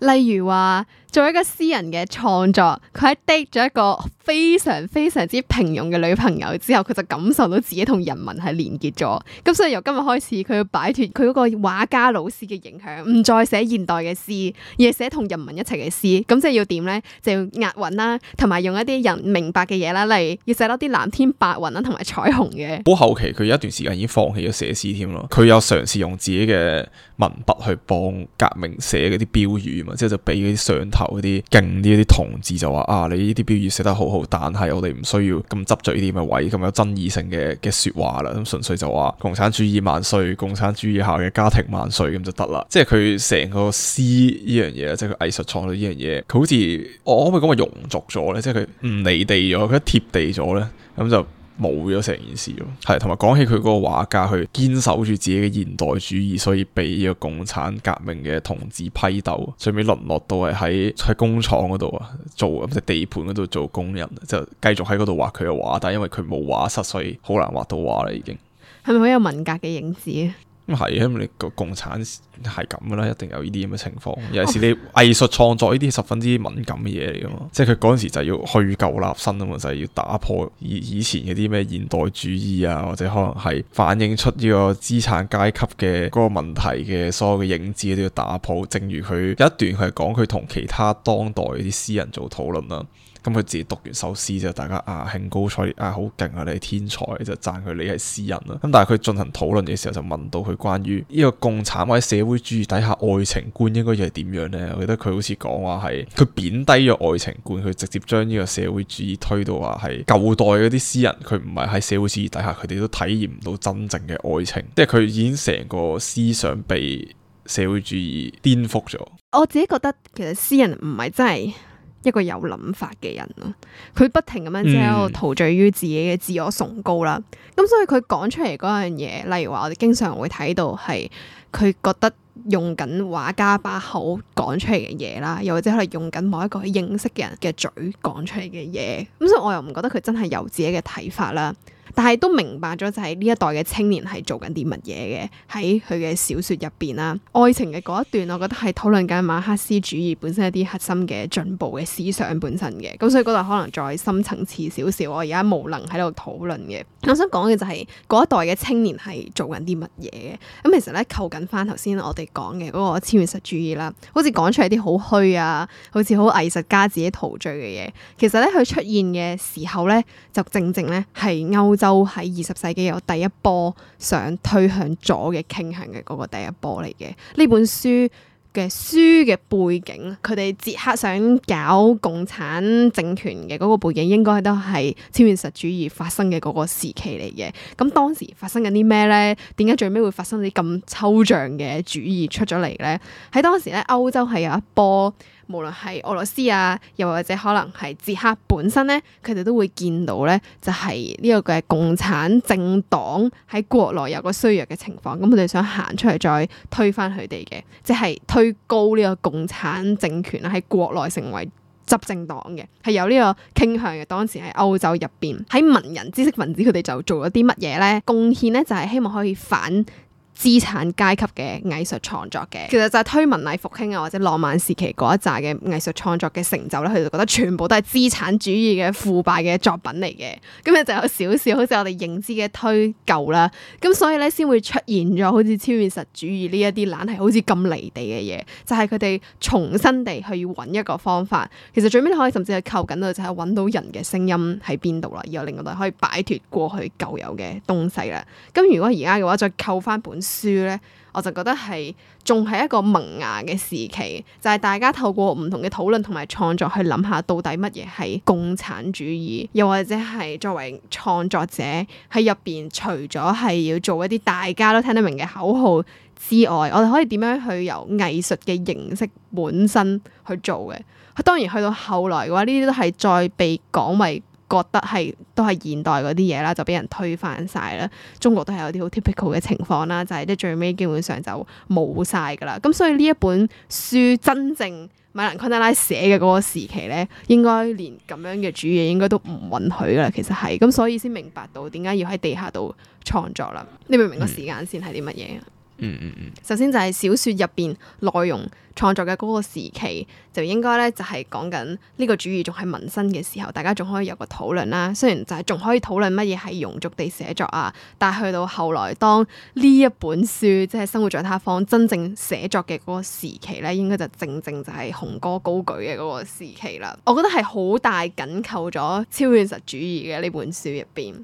例如話做一個詩人嘅創作，佢 date 咗一個非常非常之平庸嘅女朋友之後，佢就感受到自己同人民係連結咗，咁所以由今日開始，佢要擺脫佢嗰個畫家老師嘅影響，唔再寫現代嘅詩，而係寫同人民一齊嘅詩。咁即係要點呢？就要押韻啦、啊，同埋用一啲人明白嘅嘢啦，例如要寫多啲藍天、白雲啦、啊，同埋彩虹嘅。好後期佢有一段時間已經放棄咗寫詩添咯，佢有嘗試用自己嘅文筆，去幫革命寫嗰啲標語嘛，即係就俾嗰啲上頭嗰啲勁啲啲同志就話啊，你呢啲標語寫得好好，但係我哋唔需要咁執着呢啲咁嘅位，咁有爭議性嘅嘅說話啦，咁、嗯、純粹就話共產主義萬歲，共產主義下嘅家庭萬歲咁就得啦。即係佢成個詩呢樣嘢，即係佢藝術創作呢樣嘢，佢好似我可唔可以講話庸俗咗呢？即係佢唔離地咗，佢一貼地咗呢。咁就。冇咗成件事咯，係同埋講起佢嗰個畫家，去堅守住自己嘅現代主義，所以俾呢個共產革命嘅同志批鬥，最尾淪落到係喺喺工廠嗰度啊，做咁即地盤嗰度做工人，就是，繼續喺嗰度畫佢嘅畫，但係因為佢冇畫室，所以好難畫到畫啦，已經係咪好有文革嘅影子啊？咁係啊！你共共產係咁噶啦，一定有呢啲咁嘅情況。尤其是你藝術創作呢啲十分之敏感嘅嘢嚟啊嘛，即係佢嗰陣時就要去舊立新啊嘛，就係要打破以以前嗰啲咩現代主義啊，或者可能係反映出呢個資產階級嘅嗰個問題嘅所有嘅影子都要打破。正如佢一段係講佢同其他當代啲詩人做討論啦。咁佢自己讀完首詩，就大家啊興高采烈啊，好勁啊，你係天才，就讚佢你係詩人啦。咁但係佢進行討論嘅時候，就問到佢關於呢個共產或者社會主義底下愛情觀應該係點樣呢？我記得佢好似講話係佢貶低咗愛情觀，佢直接將呢個社會主義推到話係舊代嗰啲詩人，佢唔係喺社會主義底下，佢哋都體驗唔到真正嘅愛情，即係佢已經成個思想被社會主義顛覆咗。我自己覺得其實詩人唔係真係。一個有諗法嘅人咯，佢不停咁樣即係喺度陶醉於自己嘅自我崇高啦。咁、嗯、所以佢講出嚟嗰樣嘢，例如話我哋經常會睇到係佢覺得用緊畫家把口講出嚟嘅嘢啦，又或者可能用緊某一個認識嘅人嘅嘴講出嚟嘅嘢。咁所以我又唔覺得佢真係有自己嘅睇法啦。但係都明白咗，就係呢一代嘅青年係做緊啲乜嘢嘅？喺佢嘅小説入邊啦，愛情嘅嗰一段，我覺得係討論緊馬克思主義本身一啲核心嘅進步嘅思想本身嘅。咁所以嗰度可能再深層次少少，我而家無能喺度討論嘅。我想講嘅就係嗰一代嘅青年係做緊啲乜嘢嘅？咁其實咧，扣緊翻頭先我哋講嘅嗰個超現實主義啦，好似講出嚟啲好虛啊，好似好藝術家自己陶醉嘅嘢。其實咧，佢出現嘅時候咧，就正正咧係歐洲。都喺二十世紀有第一波想推向左嘅傾向嘅嗰個第一波嚟嘅。呢本書嘅書嘅背景，佢哋捷克想搞共產政權嘅嗰個背景，應該都係超現實主義發生嘅嗰個時期嚟嘅。咁當時發生緊啲咩咧？點解最尾會發生啲咁抽象嘅主義出咗嚟咧？喺當時咧，歐洲係有一波。無論係俄羅斯啊，又或者可能係捷克本身咧，佢哋都會見到咧，就係呢個嘅共產政黨喺國內有個衰弱嘅情況，咁佢哋想行出嚟再推翻佢哋嘅，即係推高呢個共產政權啊，喺國內成為執政黨嘅，係有呢個傾向嘅。當時喺歐洲入邊，喺文人知識分子佢哋就做咗啲乜嘢咧？貢獻咧就係希望可以反。資產階級嘅藝術創作嘅，其實就係推文藝復興啊，或者浪漫時期嗰一陣嘅藝術創作嘅成就咧，佢哋就覺得全部都係資產主義嘅腐敗嘅作品嚟嘅。咁啊，就有少少好似我哋認知嘅推舊啦。咁所以咧，先會出現咗好似超現實主義呢一啲懶係好似咁離地嘅嘢，就係佢哋重新地去揾一個方法。其實最尾你可以甚至係扣緊到就係揾到人嘅聲音喺邊度啦，而我哋另外可以擺脫過去舊有嘅東西啦。咁如果而家嘅話，再扣翻本書咧，我就覺得係仲係一個萌芽嘅時期，就係、是、大家透過唔同嘅討論同埋創作去諗下，到底乜嘢係共產主義，又或者係作為創作者喺入邊面，除咗係要做一啲大家都聽得明嘅口號之外，我哋可以點樣去由藝術嘅形式本身去做嘅？當然，去到後來嘅話，呢啲都係再被講為。覺得係都係現代嗰啲嘢啦，就俾人推翻晒啦。中國都係有啲好 typical 嘅情況啦，就係、是、即最尾基本上就冇晒噶啦。咁所以呢一本書真正米蘭昆德拉寫嘅嗰個時期咧，應該連咁樣嘅主義應該都唔允許噶啦。其實係咁，所以先明白到點解要喺地下度創作啦。你明唔明個時間線係啲乜嘢啊？嗯嗯嗯嗯，首先就係小說入邊內容創作嘅嗰個時期就應該咧就係講緊呢個主義仲係民生嘅時候，大家仲可以有個討論啦。雖然就係仲可以討論乜嘢係庸俗地寫作啊，但係去到後來，當呢一本書即係、就是、生活在他方真正寫作嘅嗰個時期咧，應該就正正就係紅歌高舉嘅嗰個時期啦。我覺得係好大緊扣咗超現實主義嘅呢本書入邊。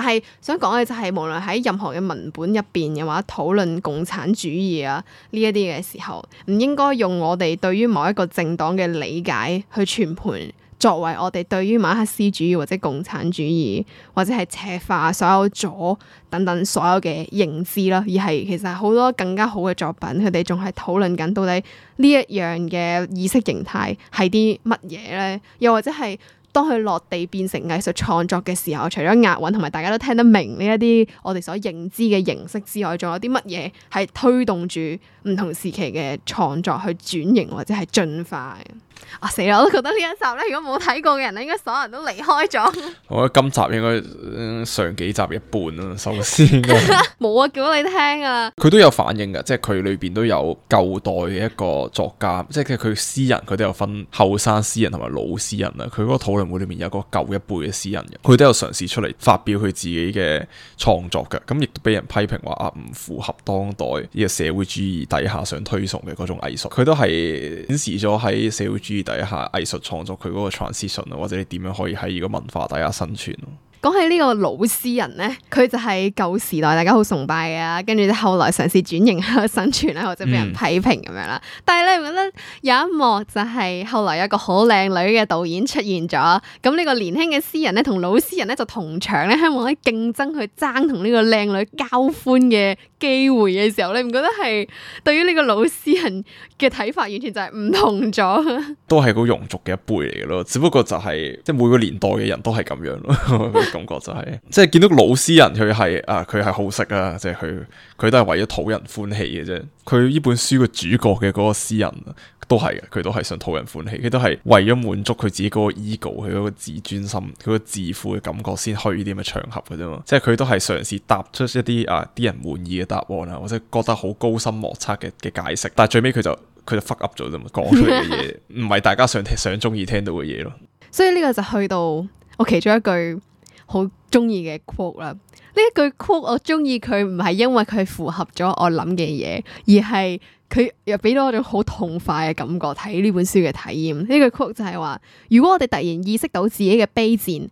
但係想講嘅就係、是，無論喺任何嘅文本入邊又或者討論共產主義啊呢一啲嘅時候，唔應該用我哋對於某一個政黨嘅理解去全盤作為我哋對於馬克思主義或者共產主義或者係赤化所有左等等所有嘅認知啦，而係其實好多更加好嘅作品，佢哋仲係討論緊到底呢一樣嘅意識形態係啲乜嘢咧，又或者係。當佢落地變成藝術創作嘅時候，除咗押韻同埋大家都聽得明呢一啲我哋所認知嘅形式之外，仲有啲乜嘢係推動住唔同時期嘅創作去轉型或者係進化嘅？啊，死啦！我都覺得呢一集咧，如果冇睇過嘅人咧，應該所有人都離開咗。我覺得今集應該上幾集一半啦，首先。冇啊，叫咗你聽啊。佢都有反應噶，即係佢裏邊都有舊代嘅一個作家，即係佢佢詩人，佢都有分後生詩人同埋老詩人啊。佢嗰個討論會裏面有個舊一輩嘅詩人，佢都有嘗試出嚟發表佢自己嘅創作嘅，咁亦都俾人批評話，啊，唔符合當代呢個社會主義底下想推崇嘅嗰種藝術。佢都係顯示咗喺社會。注意底下藝術創作，佢嗰個 transition 或者你點樣可以喺依個文化底下生存？講起呢個老詩人咧，佢就係舊時代大家好崇拜嘅，跟住後來嘗試轉型去生存咧，或者俾人批評咁樣啦。嗯、但係你唔覺得有一幕就係後來有一個好靚女嘅導演出現咗，咁呢個年輕嘅詩人咧同老詩人咧就同場咧，希望可以競爭去爭同呢個靚女交歡嘅機會嘅時候，你唔覺得係對於呢個老詩人嘅睇法完全就係唔同咗？都係好庸俗嘅一輩嚟嘅咯，只不過就係即係每個年代嘅人都係咁樣咯。 *laughs* 感覺就係、是，即係見到老詩人佢係啊，佢係好食好色啊，即係佢佢都係為咗討人歡喜嘅啫。佢呢本書嘅主角嘅嗰個詩人都，都係佢都係想討人歡喜，佢都係為咗滿足佢自己嗰個 ego，佢嗰個自尊心，佢個自負嘅感覺先去呢啲咁嘅場合嘅啫嘛。即係佢都係嘗試答出一啲啊啲人滿意嘅答案啦，或者覺得好高深莫測嘅嘅解釋。但係最尾佢就佢就 fuck up 咗啫嘛，講出嚟嘅嘢唔係大家想聽想中意聽到嘅嘢咯。所以呢個就去到我其中一句。好中意嘅曲啦，呢一句曲我中意佢唔係因為佢符合咗我諗嘅嘢，而係佢又俾到我種好痛快嘅感覺，睇呢本書嘅體驗呢句曲就係話，如果我哋突然意識到自己嘅卑賤，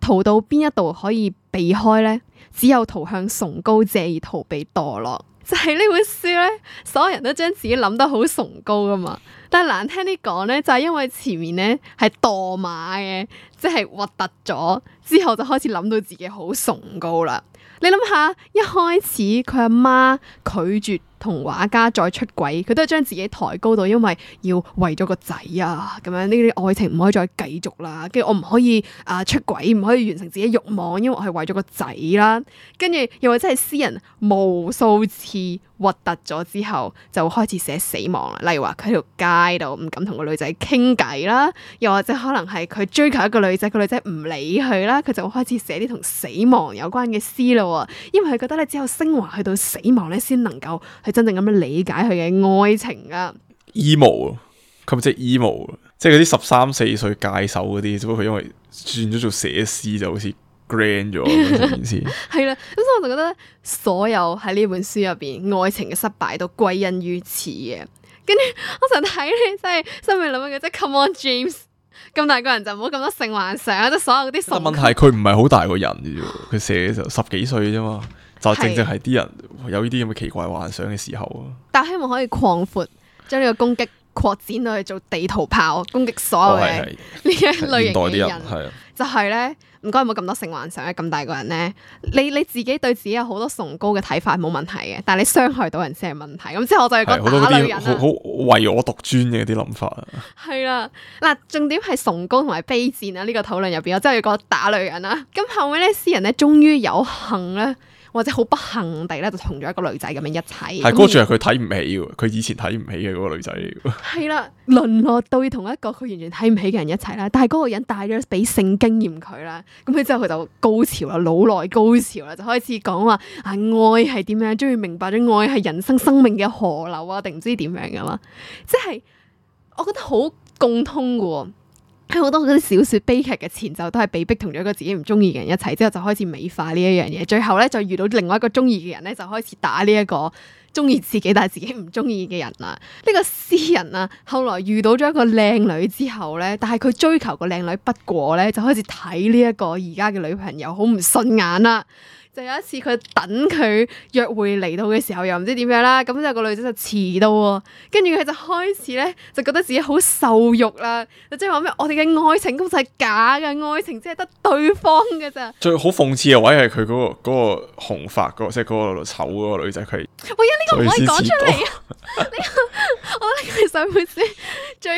逃到邊一度可以避開咧，只有逃向崇高，借以而逃避墮落。就係呢本書咧，所有人都將自己諗得好崇高噶嘛，但係難聽啲講咧，就係因為前面咧係墮馬嘅，即係核突咗，之後就開始諗到自己好崇高啦。你諗下，一開始佢阿媽拒絕同畫家再出軌，佢都係將自己抬高到，因為要為咗個仔啊，咁樣呢啲愛情唔可以再繼續啦。跟住我唔可以啊、呃、出軌，唔可以完成自己慾望，因為我係為咗個仔啦。跟住又或者係詩人無數次。核突咗之後，就開始寫死亡啦。例如話佢喺條街度唔敢同個女仔傾偈啦，又或者可能係佢追求一個女仔，個女仔唔理佢啦，佢就會開始寫啲同死亡有關嘅詩咯。因為佢覺得咧，只有升華去到死亡咧，先能夠去真正咁樣理解佢嘅愛情啊。emo, emo，佢咪即係 emo，即係嗰啲十三四歲 𠝹 手嗰啲，只不過佢因為轉咗做寫詩就好似 grand 咗，件事係啦，咁所以我就覺得所有喺呢本書入邊愛情嘅失敗都歸因於此嘅。跟住我想睇咧，即係心入面諗緊嘅，即係 Come on James，咁大個人就唔好咁多性幻想，即係所有嗰啲。問題佢唔係好大個人啫，佢寫嘅時候十幾歲啫嘛，就正正係啲人有呢啲咁嘅奇怪幻想嘅時候啊。但係希望可以擴闊，將呢個攻擊擴展到去做地圖炮，攻擊所有嘅呢一類型嘅人。代啲人係啊。就係咧，唔該冇咁多性幻想，咁大個人咧，你你自己對自己有好多崇高嘅睇法冇問題嘅，但係你傷害到人先係問題。咁之後我就係覺得打女人啊，好唯我獨尊嘅啲諗法啊。係啦，嗱，重點係崇高同埋卑賤啊！呢個討論入邊，我真係要講打女人啦。咁後尾咧，詩人咧，終於有幸咧。或者好不幸地咧就同咗一個女仔咁樣一齊。係嗰時係佢睇唔起喎，佢以前睇唔起嘅嗰個女仔。係啦， *laughs* 淪落到要同一個佢完全睇唔起嘅人一齊啦。但係嗰個人帶咗俾性經驗佢啦。咁佢之後佢就高潮啦，腦內高潮啦，就開始講話啊，愛係點樣，終於明白咗愛係人生生命嘅河流啊，定唔知點樣噶嘛？即係我覺得好共通噶。喺好多嗰啲小說悲劇嘅前奏，都係被逼同咗一個自己唔中意嘅人一齊，之後就開始美化呢一樣嘢。最後咧，就遇到另外一個中意嘅人咧，就開始打呢一個中意自己但係自己唔中意嘅人啦。呢個詩人啊，後來遇到咗一個靚女之後咧，但係佢追求個靚女不過咧，就開始睇呢一個而家嘅女朋友好唔順眼啦。就有一次佢等佢約會嚟到嘅時候，又唔知點樣啦。咁之後個女仔就遲到喎，跟住佢就開始咧，就覺得自己好受辱啦。就即係話咩？我哋嘅愛情根本就係假嘅，愛情只係得對方嘅咋。最好諷刺嘅位係佢嗰個嗰個紅髮嗰個即係嗰個醜嗰個女仔佢。喂、哎、呀！呢個唔可以講出嚟啊！ *laughs* *laughs* *laughs* 我呢個係上半節最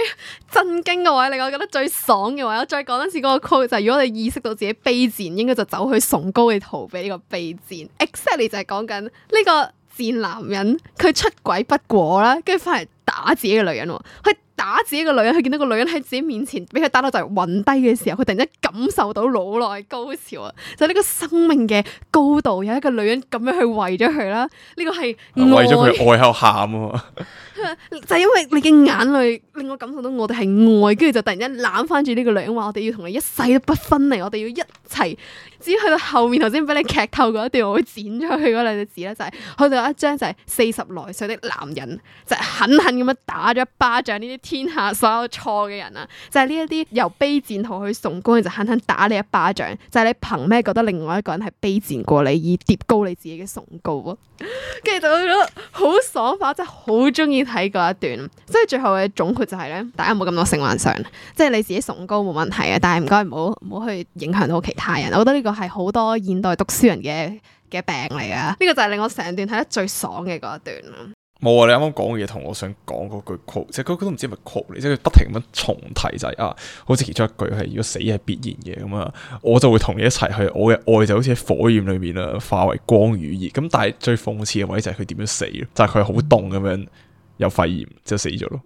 震驚嘅位嚟，我覺得最爽嘅位。我再講多次嗰個 quote 就係：如果你意識到自己卑賤，應該就走去崇高嘅逃避呢個。卑賤 exactly 就係講緊呢個賤男人，佢出軌不果啦，跟住翻嚟。打自己嘅女人，佢打自己嘅女人，佢見到個女人喺自己面前俾佢打到就暈低嘅時候，佢突然間感受到腦內高潮啊！就呢、是、個生命嘅高度，有一個女人咁樣去、這個、為咗佢啦，呢個係為咗佢外口喊啊！ *laughs* 就因為你嘅眼淚令我感受到我哋係愛，跟住就突然間攬翻住呢個女人話我哋要同你一世都不分離，我哋要一齊。至於去到後面頭先俾你劇透嗰一段，我會剪咗佢嗰兩隻字咧，就係去到一張就係四十來歲的男人就係、是、狠狠。咁樣打咗一巴掌呢啲天下所有錯嘅人啊，就係呢一啲由卑賤途去崇高，就狠狠打你一巴掌。就係、是、你憑咩覺得另外一個人係卑賤過你，而疊高你自己嘅崇高啊？跟住就我覺得好爽法，真係好中意睇嗰一段。即係最後嘅總括就係、是、咧，大家冇咁多性幻想，即、就、係、是、你自己崇高冇問題啊，但係唔該唔好唔好去影響到其他人。我覺得呢個係好多現代讀書人嘅嘅病嚟噶。呢、這個就係令我成段睇得最爽嘅嗰一段。冇啊！你啱啱講嘅嘢同我想講嗰句酷，即係佢都唔知係咪酷嚟。即係佢不停咁樣重提就係、是、啊，好似其中一句係如果死係必然嘅咁啊，我就會同你一齊去。我嘅愛就好似喺火焰裏面啊，化為光與熱。咁但係最諷刺嘅位就係佢點樣死，就係佢好凍咁樣，有肺炎就死咗咯。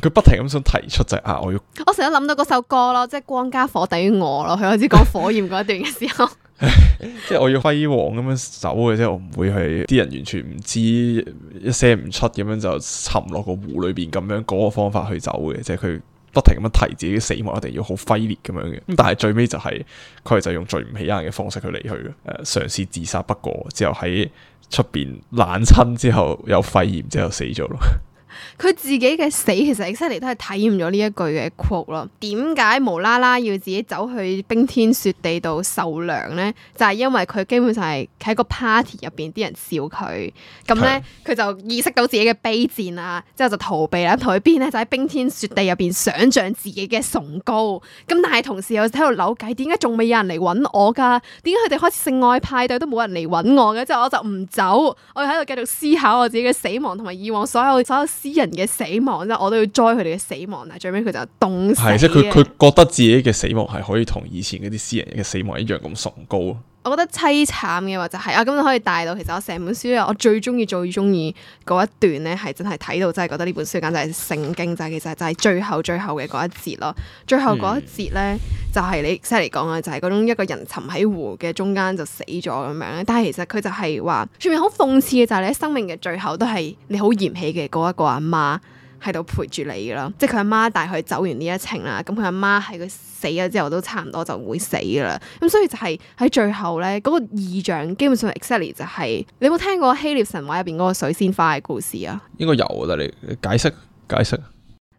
佢不停咁想提出就係、是、啊，我要。我成日諗到嗰首歌咯，即、就、係、是、光加火等於我咯。佢開始講火焰嗰一段嘅時候。 *laughs* *laughs* 即係我要輝煌咁樣走嘅，啫，我唔會係啲人完全唔知一聲唔出咁樣就沉落個湖裏邊咁樣嗰、嗰個方法去走嘅，即係佢不停咁樣提自己死亡一定要好激烈咁樣嘅。咁但係最尾就係、是、佢就用最唔起眼嘅方式去離去，誒、呃，嘗試自殺，不過之後喺出邊冷親之後有肺炎之後死咗咯。 *laughs* 佢自己嘅死，其實 exactly 都係體驗咗呢一句嘅 quote 咯。點解無啦啦要自己走去冰天雪地度受涼咧？就係、是、因為佢基本上係喺個 party 入邊啲人笑佢，咁咧佢就意識到自己嘅卑賤啊，之後就逃避啦，逃去邊咧？就喺冰天雪地入邊想像自己嘅崇高。咁但係同時又喺度扭計，點解仲未有人嚟揾我噶？點解佢哋開始性愛派對都冇人嚟揾我嘅？之後我就唔走，我喺度繼續思考我自己嘅死亡同埋以往所有所有。私人嘅死亡咧，我都要栽佢哋嘅死亡啊！最尾佢就凍死。係，即係佢佢覺得自己嘅死亡係可以同以前嗰啲私人嘅死亡一樣咁崇高啊！我覺得淒慘嘅話就係、是、啊咁就可以帶到，其實我成本書咧，我最中意最中意嗰一段咧，係真係睇到真係覺得呢本書簡直係聖經就係、是，其實就係最後最後嘅嗰一節咯。最後嗰一節咧、嗯，就係你先嚟講啊，就係嗰種一個人沉喺湖嘅中間就死咗咁樣，但係其實佢就係話，前面好諷刺嘅就係你喺生命嘅最後都係你好嫌棄嘅嗰一個阿媽。喺度陪住你㗎啦，即係佢阿媽帶佢走完呢一程啦。咁佢阿媽喺佢死咗之後都差唔多就會死㗎啦。咁、嗯、所以就係、是、喺最後咧，嗰、那個意象基本上 exactly 就係、是、你有冇聽過希臘神話入邊嗰個水仙花嘅故事啊？應該有啦，你解釋解釋。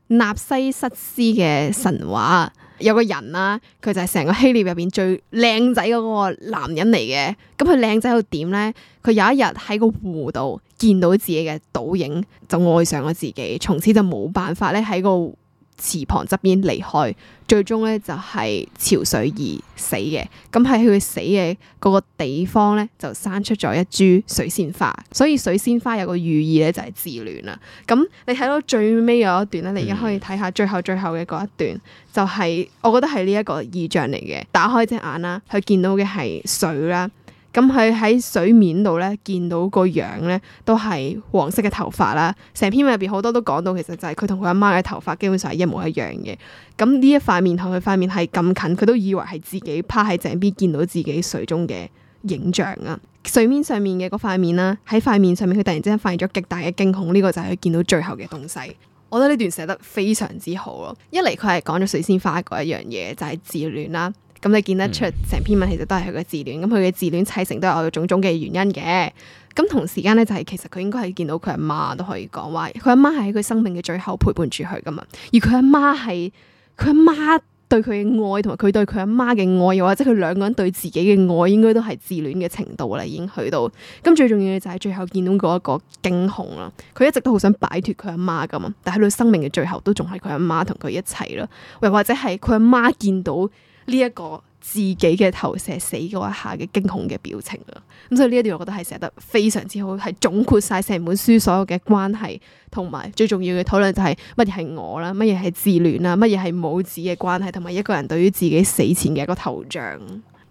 納西塞斯嘅神話，有個人啦、啊，佢就係成個希臘入邊最靚仔嗰個男人嚟嘅。咁佢靚仔到點咧？佢有一日喺個湖度。見到自己嘅倒影，就愛上咗自己，從此就冇辦法咧喺個池旁側邊離開，最終咧就係潮水而死嘅。咁喺佢死嘅嗰個地方咧，就生出咗一株水仙花。所以水仙花有個寓意咧，就係自戀啦。咁你睇到最尾有一段咧，你而家可以睇下最後最後嘅嗰一段，嗯、就係我覺得係呢一個意象嚟嘅。打開隻眼啦，佢見到嘅係水啦。咁佢喺水面度咧，見到個樣咧，都係黃色嘅頭髮啦。成篇文入邊好多都講到，其實就係佢同佢阿媽嘅頭髮基本上係一模一樣嘅。咁呢一塊面同佢塊面係咁近，佢都以為係自己趴喺井邊見到自己水中嘅影像啊。水面上面嘅嗰塊面啦、啊，喺塊面上面，佢突然之間發現咗極大嘅驚恐，呢、這個就係佢見到最後嘅東西。我覺得呢段寫得非常之好咯。一嚟佢係講咗水仙花嗰一樣嘢，就係、是、自戀啦。咁你見得出成篇文其實都係佢嘅自戀，咁佢嘅自戀砌成都有種種嘅原因嘅。咁同時間咧就係其實佢應該係見到佢阿媽都可以講話，佢阿媽係喺佢生命嘅最後陪伴住佢噶嘛。而佢阿媽係佢阿媽對佢嘅愛，同埋佢對佢阿媽嘅愛，又或者佢兩個人對自己嘅愛，應該都係自戀嘅程度啦，已經去到。咁最重要嘅就係最後見到嗰一個驚恐啦。佢一直都好想擺脫佢阿媽噶嘛，但係佢生命嘅最後都仲係佢阿媽同佢一齊咯，又或者係佢阿媽見到呢一個自己嘅投射死嗰一下嘅驚恐嘅表情咁、嗯、所以呢一段我覺得係寫得非常之好，係總括晒成本書所有嘅關係，同埋最重要嘅討論就係乜嘢係我啦，乜嘢係自戀啦，乜嘢係母子嘅關係，同埋一個人對於自己死前嘅一個頭像。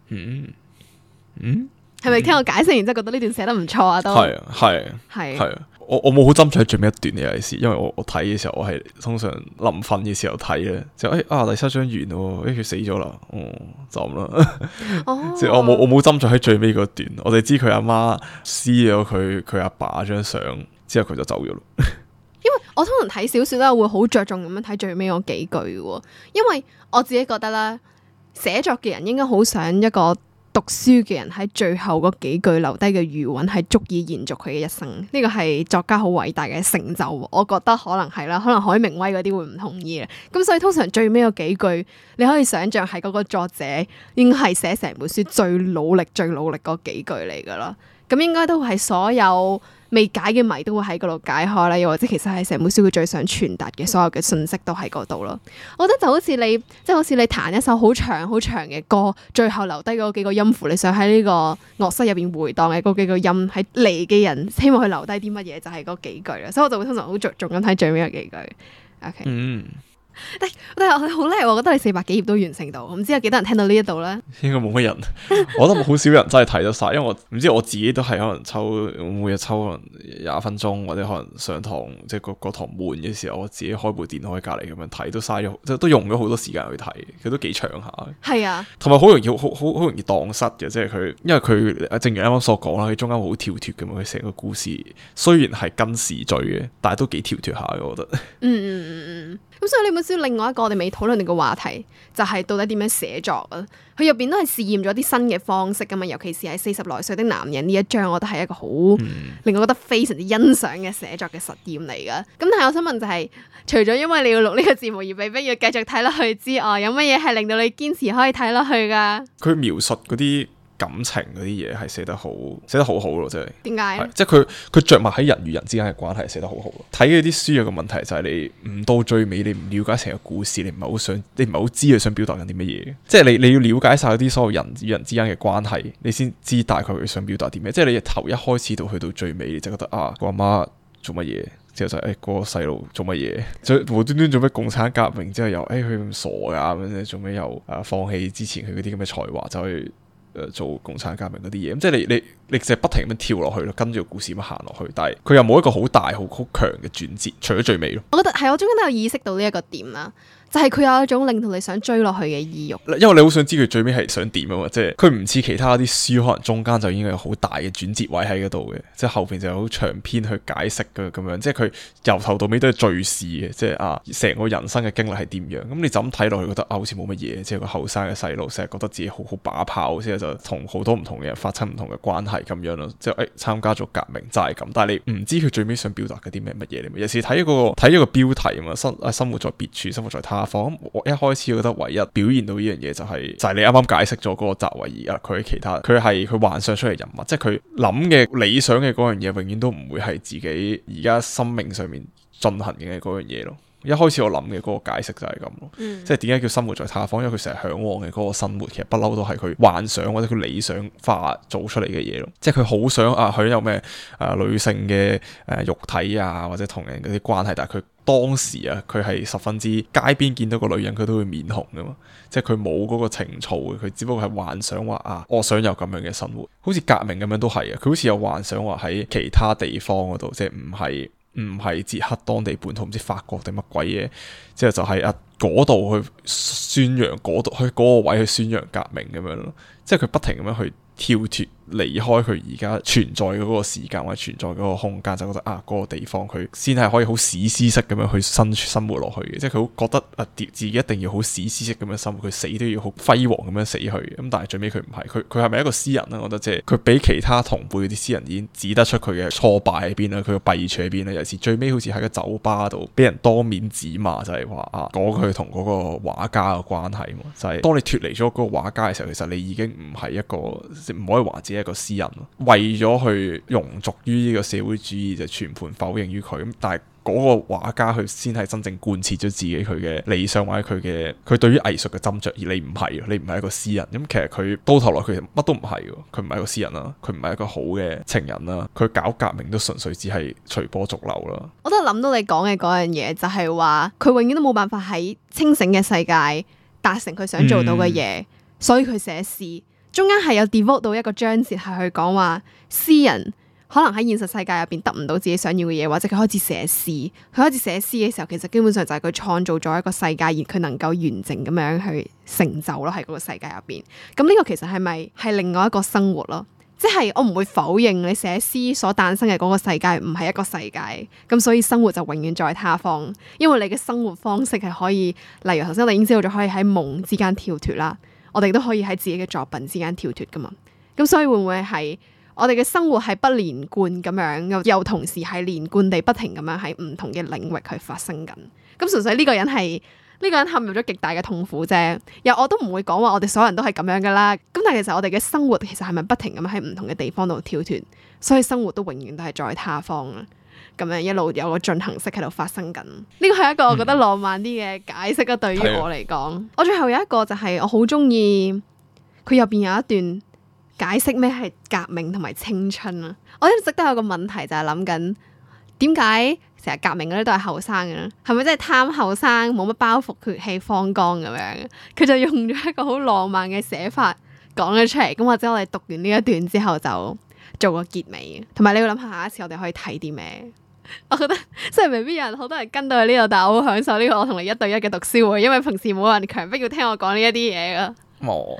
嗯，嗯、係咪聽我解釋完之後覺得呢段寫得唔錯啊？都係，係，係。我我冇好斟酌喺最尾一段嘅，有啲事，因為我我睇嘅時候，我係通常臨瞓嘅時候睇嘅。就誒、哎、啊，第七章完咯，誒佢死咗啦，嗯、 *laughs* 哦，就咁啦，即係我冇我冇斟酌喺最尾嗰段，我哋知佢阿媽撕咗佢佢阿爸張相之後，佢就走咗咯。 *laughs* 因為我通常睇小說咧，會好着重咁樣睇最尾嗰幾句，因為我自己覺得咧，寫作嘅人應該好想一個。讀書嘅人喺最後嗰幾句留低嘅餘韻係足以延續佢嘅一生，呢個係作家好偉大嘅成就。我覺得可能係啦，可能海明威嗰啲會唔同意啦。咁所以通常最尾嗰幾句，你可以想象係嗰個作者應該係寫成本書最努力、最努力嗰幾句嚟㗎啦。咁應該都係所有，未解嘅謎都會喺嗰度解開啦，又或者其實係成本書最想傳達嘅所有嘅信息都喺嗰度咯。 *noise* 我覺得就好似你，即係好似你彈一首好長好長嘅歌，最後留低嗰幾個音符，你想喺呢個樂室入邊回盪嘅嗰幾個音，喺嚟嘅人希望佢留低啲乜嘢，就係嗰幾句啦。所以我就會通常好着重咁睇最尾嗰幾句。Okay. 嗯。但係佢好叻，我覺得你四百幾頁都完成到，唔知有幾多人聽到呢一度咧？應該冇乜人，我覺得好少人真係睇得晒，因為我唔知我自己都係可能抽每日抽可能廿分鐘，或者可能上堂即係嗰個嗰個堂悶嘅時候，我自己開部電腦喺隔籬咁樣睇，都嘥咗，即係都用咗好多時間去睇，佢都幾長下。係啊，同埋好容易好好好容易蕩失嘅，即係佢因為佢正如啱啱所講啦，佢中間好跳脫嘅嘛，佢成個故事雖然係跟時序嘅，但係都幾跳脫下嘅，我覺得。嗯嗯嗯嗯，咁所以你冇。嗯嗯嗯嗯嗯嗯嗯即另外一個我哋未討論嘅個話題，就係、是、到底點樣寫作啊？佢入邊都係試驗咗啲新嘅方式噶嘛，尤其是係四十來歲的男人呢一章，我覺得係一個好、嗯、令我覺得非常之欣賞嘅寫作嘅實驗嚟噶。咁但係我想問、就是，就係除咗因為你要錄呢個字幕而被逼要繼續睇落去之外，有乜嘢係令到你堅持可以睇落去噶？佢描述嗰啲感情嗰啲嘢係寫得，寫得好，寫得好好咯，真係。點解？即係佢佢著墨喺人與人之間嘅關係寫得好好咯。睇佢啲書有個問題就係你唔到最尾，你唔了解成個故事，你唔係好想，你唔係好知佢想表達緊啲乜嘢。即係你你要了解晒嗰啲所有人與人之間嘅關係，你先知大概佢想表達啲咩。即係你由頭一開始到去到最尾，你就覺得啊，我阿媽做乜嘢？之後就誒、是，欸嗰個細路做乜嘢？就無端端做咩？共產革命？之後又誒，佢、欸、咁傻噶咁樣，做咩又誒放棄之前佢嗰啲咁嘅才華就去？誒做共產革命嗰啲嘢，咁即係你你你就係不停咁樣跳落去咯，跟住個故事咁行落去，但係佢又冇一個好大好好強嘅轉折，除咗最尾咯。我覺得係，我中間都有意識到呢一個點啦。就係佢有一種令到你想追落去嘅意欲，因為你好想知佢最尾係想點啊嘛？即係佢唔似其他啲書，可能中間就已經有好大嘅轉折位喺嗰度嘅，即係後邊就有好長篇去解釋嘅咁樣。即係佢由頭到尾都係敍事嘅，即係啊，成個人生嘅經歷係點樣？咁你就睇落去，覺得、啊、好似冇乜嘢。即係個後生嘅細路，成日覺得自己好好把炮，之後就同好多唔同嘅人發生唔同嘅關係咁樣咯。之後誒、哎、參加咗革命就係、是、咁，但係你唔知佢最尾想表達嘅啲咩乜嘢嚟。有時睇一個睇一個標題啊嘛，生、啊、生活在別處，生活在他。啊、我一開始覺得唯一表現到呢樣嘢就係、是、就係、是、你啱啱解釋咗嗰個澤維爾啦，佢、啊、其他佢係佢幻想出嚟人物，即係佢諗嘅理想嘅嗰樣嘢，永遠都唔會係自己而家生命上面進行嘅嗰樣嘢咯。一開始我諗嘅嗰個解釋就係咁咯，嗯、即係點解叫生活在他方？因為佢成日向往嘅嗰個生活，其實不嬲都係佢幻想或者佢理想化做出嚟嘅嘢咯。即係佢好想啊，佢有咩啊、呃、女性嘅誒、呃、肉體啊，或者同人嗰啲關係。但係佢當時啊，佢係十分之街邊見到個女人，佢都會面紅噶嘛。即係佢冇嗰個情操嘅，佢只不過係幻想話啊，我想有咁樣嘅生活。好似革命咁樣都係啊，佢好似有幻想話喺其他地方嗰度，即係唔係。唔係捷克當地本土，唔知法國定乜鬼嘢，之後就係啊嗰度去宣揚，嗰度去嗰個位去宣揚革命咁樣咯，即係佢不停咁樣去。跳脱離開佢而家存在嗰個時間或者存在嗰個空間，就覺得啊嗰、那個地方佢先係可以好史詩式咁樣去生生活落去嘅，即係佢覺得啊，自己一定要好史詩式咁樣生活，佢死都要好輝煌咁樣死去嘅。咁、嗯、但係最尾佢唔係，佢佢係咪一個詩人呢？我覺得即係佢俾其他同輩啲詩人已經指得出佢嘅挫敗喺邊啦，佢嘅弊處喺邊啦。尤其是最尾好似喺個酒吧度俾人當面指罵，就係、是、話啊，講佢同嗰個畫家嘅關係嘛。就係、是、當你脱離咗嗰個畫家嘅時候，其實你已經唔係一個。唔可以話自己係一個詩人咯，為咗去融俗於呢個社會主義，就全盤否認於佢。咁但係嗰個畫家，佢先係真正貫徹咗自己佢嘅理想或者佢嘅佢對於藝術嘅斟酌。而你唔係，你唔係一個詩人。咁、嗯、其實佢到頭嚟，佢乜都唔係，佢唔係一個詩人啦，佢唔係一個好嘅情人啦，佢搞革命都純粹只係隨波逐流啦。我都諗到你講嘅嗰樣嘢，就係話佢永遠都冇辦法喺清醒嘅世界達成佢想做到嘅嘢，嗯、所以佢寫詩。中間係有 devote 到一個章節係去講話，詩人可能喺現實世界入邊得唔到自己想要嘅嘢，或者佢開始寫詩，佢開始寫詩嘅時候，其實基本上就係佢創造咗一個世界，而佢能夠完整咁樣去成就咯，喺嗰個世界入邊。咁、嗯、呢、這個其實係咪係另外一個生活咯？即係我唔會否認你寫詩所誕生嘅嗰個世界唔係一個世界，咁所以生活就永遠在他方，因為你嘅生活方式係可以，例如頭先我哋已經知道咗，可以喺夢之間跳脫啦。我哋都可以喺自己嘅作品之間跳脫噶嘛，咁所以會唔會係我哋嘅生活係不連貫咁樣，又同時係連貫地不停咁樣喺唔同嘅領域去發生緊？咁純粹呢個人係呢、呢個人陷入咗極大嘅痛苦啫，又我都唔會講話我哋所有人都係咁樣噶啦。咁但係其實我哋嘅生活其實係咪不，不停咁喺唔同嘅地方度跳脫？所以生活都永遠都係在他方啊！咁樣一路有個進行式喺度發生緊，呢個係一個我覺得浪漫啲嘅解釋啊。對於我嚟講，我最後有一個就係我好中意佢入邊有一段解釋咩係革命同埋青春啊！我一直都有個問題就係諗緊，點解成日革命嗰啲都係後生嘅咧？係咪真係貪後生，冇乜包袱，血氣方剛咁樣？佢就用咗一個好浪漫嘅寫法講咗出嚟。咁或者我哋讀完呢一段之後就做個結尾，同埋你要諗下下一次我哋可以睇啲咩？我覺得即係未必有人好多人跟到佢呢度，但係我好享受呢個我同你一對一嘅讀書會，因為平時冇人強逼要聽我講呢一啲嘢噶。冇、哦，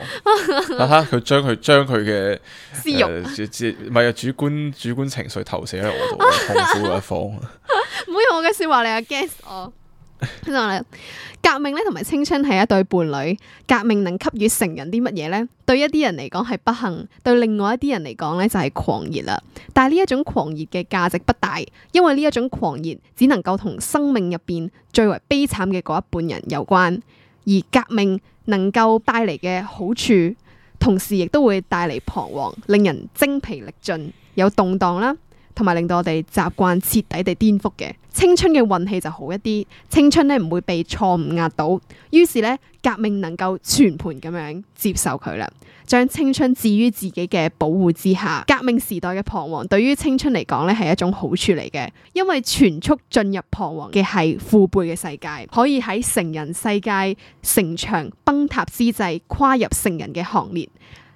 啊佢將佢將佢嘅思慾，唔係啊主觀主觀情緒投射喺我度，痛苦 *laughs* 一方。唔好 *laughs* 用我嘅說話嚟啊，guess 我。聽我講啦， *laughs* 革命咧同埋青春係一對伴侶。革命能給予成人啲乜嘢呢？對一啲人嚟講係不幸，對另外一啲人嚟講咧就係狂熱啦。但係呢一種狂熱嘅價值不大，因為呢一種狂熱只能夠同生命入邊最為悲慘嘅嗰一半人有關。而革命能夠帶嚟嘅好處，同時亦都會帶嚟彷徨，令人精疲力盡，有動盪啦。同埋令到我哋習慣徹底地顛覆嘅。青春嘅運氣就好一啲，青春呢唔會被錯誤壓倒，於是呢，革命能夠全盤咁樣接受佢啦，將青春置於自己嘅保護之下。革命時代嘅彷徨對於青春嚟講呢係一種好處嚟嘅，因為全速進入彷徨嘅係父輩嘅世界，可以喺成人世界城牆崩塌之際跨入成人嘅行列，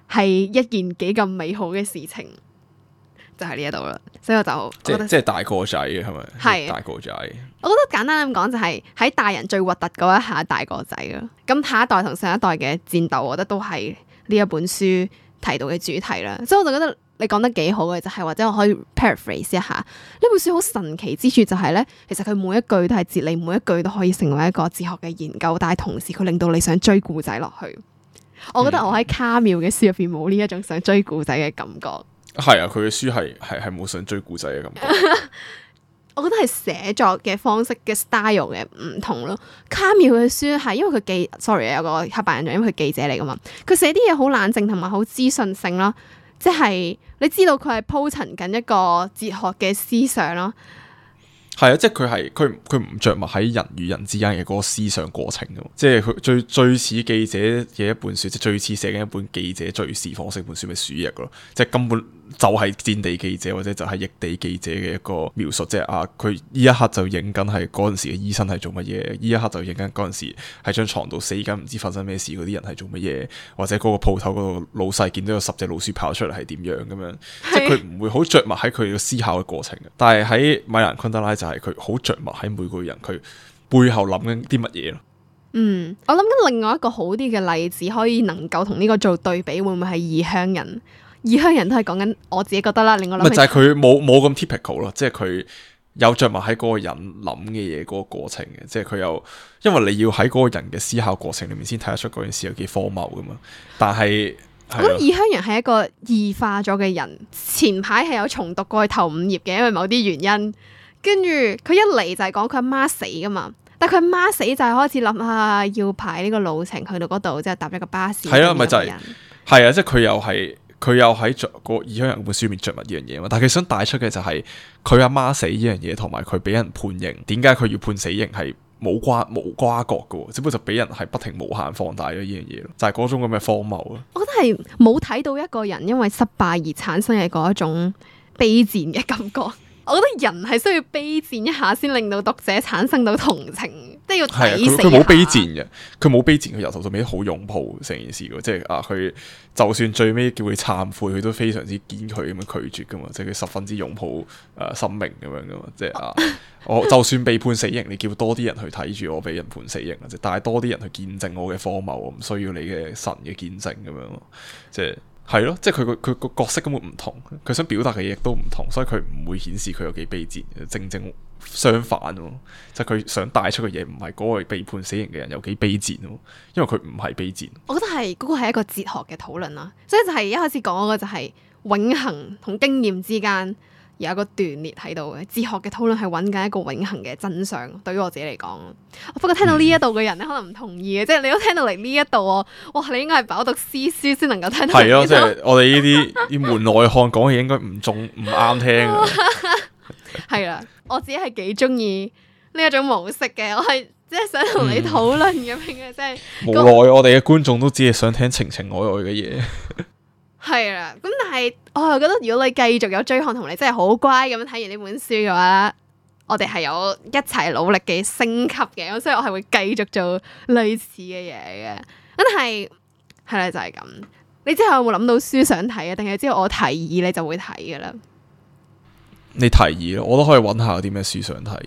係一件幾咁美好嘅事情。就喺呢一度啦，所以我就即係即係大個仔嘅係咪？係大個仔。我覺得簡單咁講，就是，就係喺大人最核突嗰一下大個仔咯。咁下一代同上一代嘅戰鬥，我覺得都係呢一本書提到嘅主題啦。所以我就覺得你講得幾好嘅，就係，是、或者我可以 paraphrase 一下呢本書好神奇之處就係，是、咧，其實佢每一句都係哲理，每一句都可以成為一個哲學嘅研究，但係同時佢令到你想追故仔落去。我覺得我喺卡妙嘅書入邊冇呢一種想追故仔嘅感覺。嗯係啊，佢嘅書係係係冇想追故仔嘅感覺， *laughs* 我覺得係寫作嘅方式嘅 style 嘅唔同咯。卡繆嘅書係因為佢記，sorry 有個黑白印象，因為佢記者嚟噶嘛，佢寫啲嘢好冷靜同埋好資訊性囉，即係你知道佢係鋪陳緊一個哲學嘅思想咯。係啊，即係佢係佢佢唔着墨喺人與人之間嘅嗰個思想過程嘅，即係佢最最似記者嘅一本書，即係最似寫緊一本記者最時況式本書嘅鼠疫咯。即係根本就係戰地記者或者就係疫地記者嘅一個描述，即係啊，佢呢一刻就影緊係嗰陣時嘅醫生係做乜嘢，呢一刻就影緊嗰陣時喺張床度死緊唔知發生咩事嗰啲人係做乜嘢，或者嗰個鋪頭度老細見到有十隻老鼠跑出嚟係點樣咁樣，即係佢唔會好着墨喺佢嘅思考嘅過程。但係喺米蘭昆德拉，就是但係佢好着墨喺每個人佢背後諗緊啲乜嘢咯。嗯，我諗緊另外一個好啲嘅例子，可以能夠同呢個做對比，會唔會係異鄉人？異鄉人都係講緊我自己覺得啦。另外唔就係佢冇冇咁 typical 咯，typical, 即係佢有着墨喺嗰個人諗嘅嘢嗰個過程嘅，即係佢又因為你要喺嗰個人嘅思考過程裏面先睇得出嗰件事有幾荒謬噶嘛。但係我諗異鄉人係一個異化咗嘅人。前排係有重讀過去頭五頁嘅，因為某啲原因。跟住佢一嚟就係講佢阿媽死噶嘛，但係佢阿媽死就係開始諗下要排呢個路程去到嗰度，即係搭一個巴士。係啊，咪就係，係啊，即係佢又係佢又喺著個異鄉人本書面着物呢樣嘢嘛。但係佢想帶出嘅就係佢阿媽死呢樣嘢，同埋佢俾人判刑，點解佢要判死刑係冇瓜冇瓜葛噶？只不過就俾人係不停無限放大咗呢樣嘢咯，就係嗰種咁嘅荒謬啊！我覺得係冇睇到一個人因為失敗而產生嘅嗰一種卑賤嘅感覺。我覺得人係需要卑賤一下，先令到讀者產生到同情，即係要睇死。佢佢冇卑賤嘅，佢冇卑賤，佢由頭到尾好擁抱成件事喎。即係啊，佢就算最尾叫佢懺悔，佢都非常之堅拒咁樣拒絕噶嘛。即係佢十分之擁抱誒、呃、生命咁樣噶嘛。即係啊， *laughs* 我就算被判死刑，你叫多啲人去睇住我俾人判死刑啊！即但係多啲人去見證我嘅荒謬，我唔需要你嘅神嘅見證咁樣。即係。係咯，即係佢個佢個角色根本唔同，佢想表達嘅嘢，亦都唔同，所以佢唔會顯示佢有幾卑賤，正正相反咯，就係佢想帶出嘅嘢唔係嗰個被判死刑嘅人有幾卑賤咯，因為佢唔係卑賤。我覺得係嗰個係一個哲學嘅討論啦，所以就係一開始講嗰個就係永恆同經驗之間。有一個斷裂喺度嘅，哲學嘅討論係揾緊一個永恒嘅真相。對於我自己嚟講，不過聽到呢一度嘅人咧，嗯、可能唔同意嘅，即係你都聽到嚟呢一度喎。哇，你應該係飽讀詩書先能夠聽到。係咯，即係我哋呢啲啲門外漢講嘢，應該唔中唔啱聽嘅。係 *laughs* 啦， *laughs* 我自己係幾中意呢一種模式嘅，我係、嗯、即係想同你討論咁樣，即係無奈我哋嘅觀眾都只係想聽情情愛愛嘅嘢。 *laughs* 係啦，咁但係我又覺得如果你繼續有追看同你真係好乖咁樣睇完呢本書嘅話，我哋係有一齊努力嘅升級嘅，所以我係會繼續做類似嘅嘢嘅。咁係係啦，就係咁。你之後有冇諗到書想睇啊？定係之後我提議你就會睇噶啦？你提議咯，我都可以揾下有啲咩書想睇。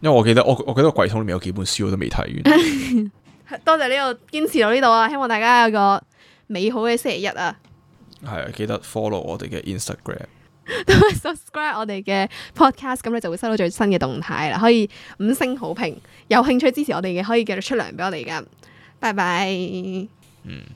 因為我記得我我記得櫃桶裏面有幾本書我都未睇完。 *laughs* 多謝呢度堅持到呢度啊！希望大家有個美好嘅星期一啊！係啊，記得 follow 我哋嘅 Instagram，subscribe *laughs* 我哋嘅 podcast，咁你就會收到最新嘅動態啦。可以五星好評，有興趣支持我哋嘅可以繼續出糧俾我哋噶。拜拜。嗯。